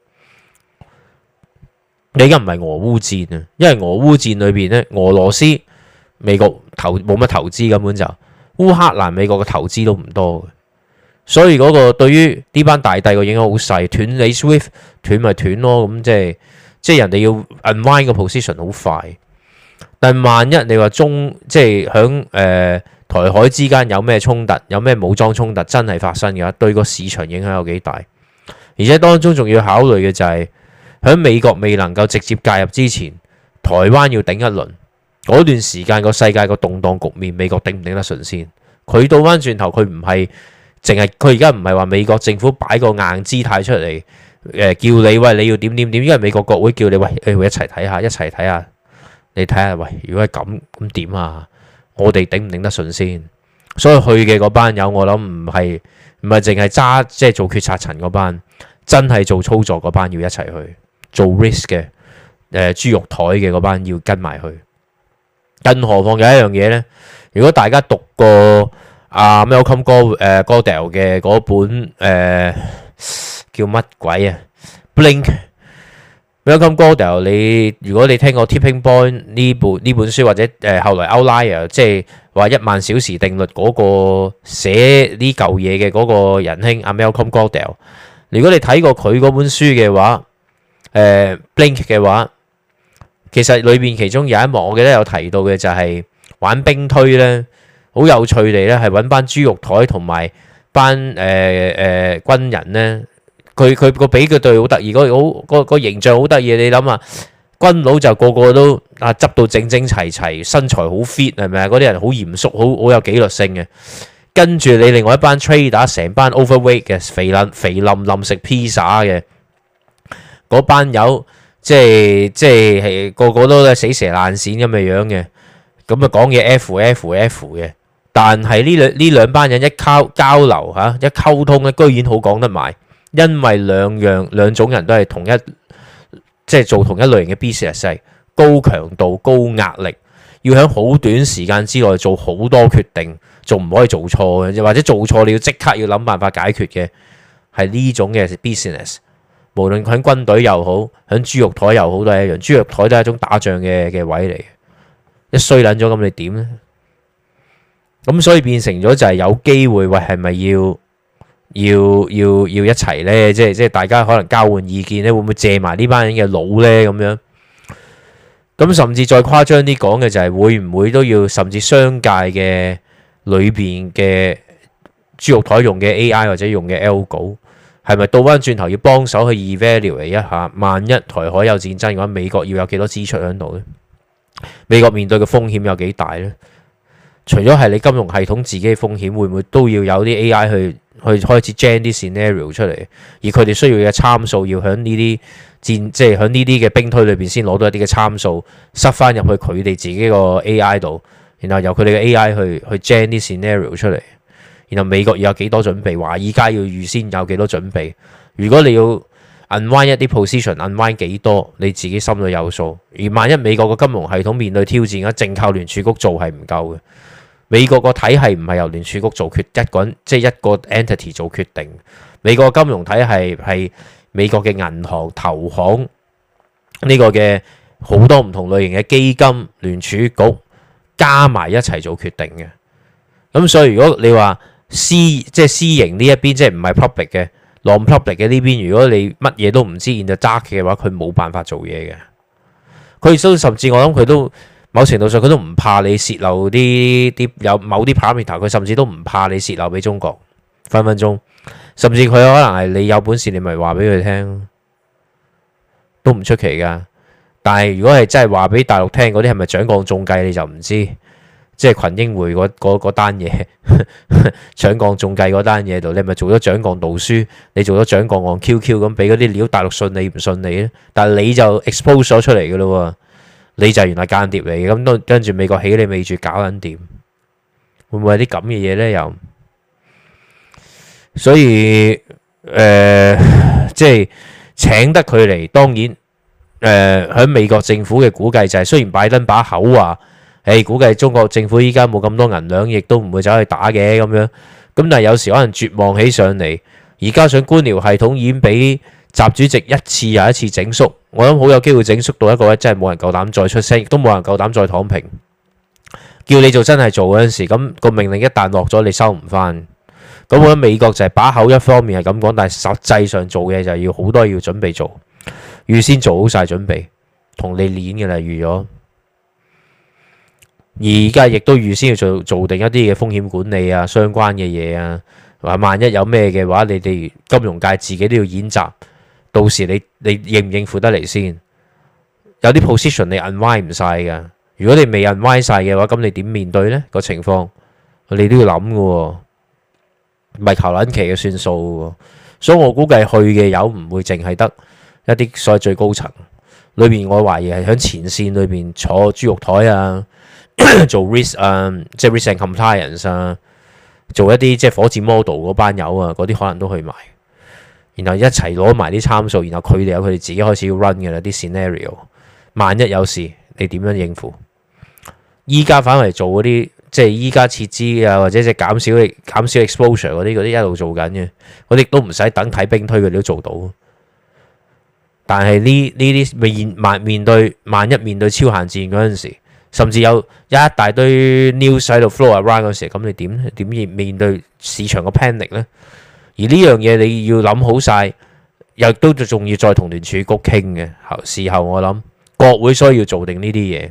你而家唔係俄烏戰啊，因為俄烏戰裏邊咧，俄羅斯美國投冇乜投資，根本就烏克蘭美國嘅投資都唔多，所以嗰個對於呢班大帝個影響好細。斷你 Swift 斷咪斷咯，咁，即係即係人哋要 unwind 個 position 好快。但萬一你話中即係響誒台海之間有咩衝突，有咩武裝衝突真係發生嘅話，對個市場影響有幾大？而且當中仲要考慮嘅就係，響美國未能夠直接介入之前，台灣要頂一輪嗰段時間個世界個動盪局面，美國頂唔頂得順先？佢倒翻轉頭，佢唔係淨係佢而家唔係話美國政府擺個硬姿態出嚟誒、呃，叫你喂，你要點點點，因為美國國會叫你喂去一齊睇下，一齊睇下。你睇下喂，如果係咁咁點啊？我哋頂唔頂得順先？所以去嘅嗰班友，我諗唔係唔係淨係揸即係做決策層嗰班，真係做操作嗰班要一齊去做 risk 嘅誒豬肉枱嘅嗰班要跟埋去。更何況有一樣嘢呢？如果大家讀過阿、啊、Malcolm 哥誒 Gladwell、呃、God 嘅嗰本誒、呃、叫乜鬼啊 Blink。Bl Malcolm Gladwell，你如果你聽過《Tipping Point》呢本呢本書或者誒後來《Outlier》，即係話一萬小時定律嗰個寫呢嚿嘢嘅嗰個仁兄阿 Malcolm Gladwell，如果你睇過佢嗰本書嘅話，誒《Blink》嘅話，其實裏邊其中有一幕我記得有提到嘅就係玩兵推咧，好有趣地咧，係揾班豬肉台同埋班誒誒軍人咧。佢佢個比佢隊好得意，嗰個好個個形象好得意。你諗下，軍佬就個個都啊執到整整齊齊，身材好 fit 係咪啊？嗰啲人好嚴肅，好好有紀律性嘅。跟住你另外一班 trader 成班 overweight 嘅肥淋肥淋淋食 pizza 嘅嗰班友，即係即係係個個都死蛇爛鱔咁嘅樣嘅。咁啊講嘢 fff 嘅，但係呢兩呢兩班人一交交流吓，啊，一溝通咧，居然好講得埋。因為兩樣兩種人都係同一即係做同一類型嘅 business，係高強度、高壓力，要喺好短時間之內做好多決定，仲唔可以做錯嘅，或者做錯你要即刻要諗辦法解決嘅，係呢種嘅 business。無論喺軍隊又好，喺豬肉台又好都係一樣，豬肉台都係一種打仗嘅嘅位嚟嘅，一衰捻咗咁你點呢？咁所以變成咗就係有機會喂係咪要？要要要一齊呢，即係即係大家可能交換意見呢，會唔會借埋呢班人嘅腦呢？咁樣咁甚至再誇張啲講嘅就係會唔會都要，甚至商界嘅裏邊嘅豬肉台用嘅 A I 或者用嘅 L 稿，係咪倒翻轉頭要幫手去 evaluate 一下？萬一台海有戰爭，如果美國要有幾多支出喺度呢？美國面對嘅風險有幾大呢？除咗係你金融系統自己嘅風險，會唔會都要有啲 A I 去？去開始 generate scenario 出嚟，而佢哋需要嘅參數要喺呢啲戰，即係喺呢啲嘅兵推裏邊先攞到一啲嘅參數，塞翻入去佢哋自己個 AI 度，然後由佢哋嘅 AI 去去 generate scenario 出嚟。然後美國要有幾多準備？話依家要預先有幾多準備？如果你要 unwind 一啲 position，unwind 幾多，你自己心裏有數。而萬一美國個金融系統面對挑戰，而淨靠聯儲局做係唔夠嘅。美國個體系唔係由聯儲局做決一個人，即係一個 entity 做決定。美國金融體系係美國嘅銀行、投行呢、這個嘅好多唔同類型嘅基金、聯儲局加埋一齊做決定嘅。咁所以如果你話私即係私營呢一邊，即係唔係 public 嘅 non-public 嘅呢邊，如果你乜嘢都唔知，然後揸嘅話，佢冇辦法做嘢嘅。佢所甚至我諗佢都。某程度上，佢都唔怕你泄漏啲啲有某啲 parameter，佢甚至都唔怕你泄漏俾中國分分鐘，甚至佢可能係你有本事你，你咪話俾佢聽都唔出奇噶。但係如果係真係話俾大陸聽嗰啲係咪蔣幹中計，你就唔知。即係群英會嗰嗰單嘢蔣幹中計嗰單嘢度，你咪做咗蔣幹盜書，你做咗蔣幹按 QQ 咁俾嗰啲料，大陸信你唔信你咧？但係你就 expose 咗出嚟噶咯。你就係原來間諜嚟嘅，咁都跟住美國起你尾注搞緊掂，會唔會係啲咁嘅嘢咧？又所以誒、呃，即係請得佢嚟，當然誒喺、呃、美國政府嘅估計就係、是，雖然拜登把口話，誒、欸、估計中國政府依家冇咁多銀兩，亦都唔會走去打嘅咁樣。咁但係有時可能絕望起上嚟，而加上官僚系統已經俾。習主席一次又一次整縮，我諗好有機會整縮到一個位，真係冇人夠膽再出聲，亦都冇人夠膽再躺平。叫你做真係做嗰陣時，咁個命令一旦落咗，你收唔翻。咁我諗美國就係把口一方面係咁講，但係實際上做嘢就要好多要準備做，預先做好晒準備同你練噶啦，預咗。而家亦都預先要做做定一啲嘅風險管理啊，相關嘅嘢啊，話萬一有咩嘅話，你哋金融界自己都要演習。到時你你應唔應付得嚟先？有啲 position 你 unwind 唔曬㗎，如果你未 unwind 曬嘅話，咁你點面對呢個情況？你都要諗㗎喎，唔係求撚其嘅算數嘅喎。所以我估計去嘅友唔會淨係得一啲所謂最高層裏面，我懷疑係喺前線裏面坐豬肉台啊，做 risk 啊，即係 risk and compliance 啊，做一啲即係火箭 model 嗰班友啊，嗰啲可能都去埋。然後一齊攞埋啲參數，然後佢哋有佢哋自己開始要 run 嘅啦，啲 scenario。萬一有事，你點樣應付？依家反為做嗰啲，即係依家撤資啊，或者即係減少、減少 exposure 嗰啲，嗰啲一路做緊嘅，我哋都唔使等睇兵推，佢哋都做到。但係呢呢啲面萬面對萬一面對超限戰嗰陣時，甚至有一大堆 news 喺度 flow around 嗰時，咁你點咧？點面對市場嘅 panic 呢？而呢樣嘢你要諗好曬，又都仲要再同聯儲局傾嘅。事後我諗國會所以要做定呢啲嘢，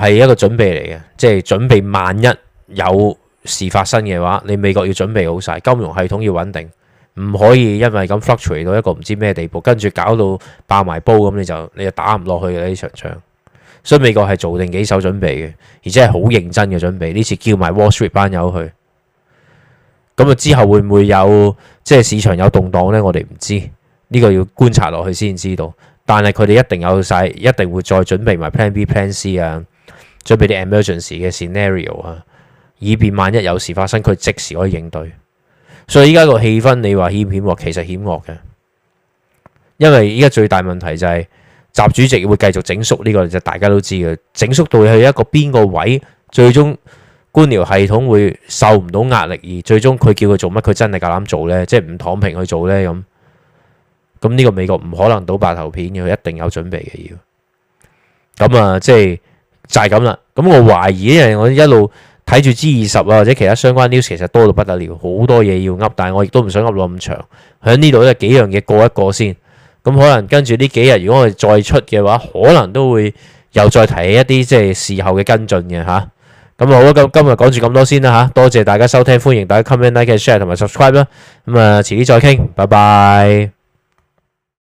係一個準備嚟嘅，即係準備萬一有事發生嘅話，你美國要準備好曬，金融系統要穩定，唔可以因為咁 fluctuate 到一個唔知咩地步，跟住搞到爆埋煲咁，你就你就打唔落去嘅呢場仗。所以美國係做定幾手準備嘅，而且係好認真嘅準備。呢次叫埋 Wall Street 班友去。咁啊，之後會唔會有即係市場有動盪呢？我哋唔知，呢個要觀察落去先知道。但係佢哋一定有晒，一定會再準備埋 Plan B、Plan C 啊，準備啲 emergency 嘅 scenario 啊，以便萬一有事發生，佢即時可以應對。所以依家個氣氛，你話險唔險惡，其實險惡嘅。因為依家最大問題就係習主席會繼續整縮呢個，就大家都知嘅。整縮到去一個邊個位，最終？官僚系統會受唔到壓力，而最終佢叫佢做乜，佢真係夠膽做呢？即係唔躺平去做呢？咁咁呢個美國唔可能倒白頭片嘅，一定有準備嘅要。咁啊，即係就係咁啦。咁我懷疑，呢，因為我一路睇住 G20 啊，或者其他相關 news，其實多到不得了，好多嘢要噏，但係我亦都唔想噏到咁長。喺呢度呢，幾樣嘢過一個先。咁可能跟住呢幾日，如果我哋再出嘅話，可能都會又再提起一啲即係事後嘅跟進嘅嚇。咁好啦，今日講住咁多先啦吓，多謝大家收聽，歡迎大家 comment、like、share 同埋 subscribe 啦。咁啊，遲啲再傾，拜拜。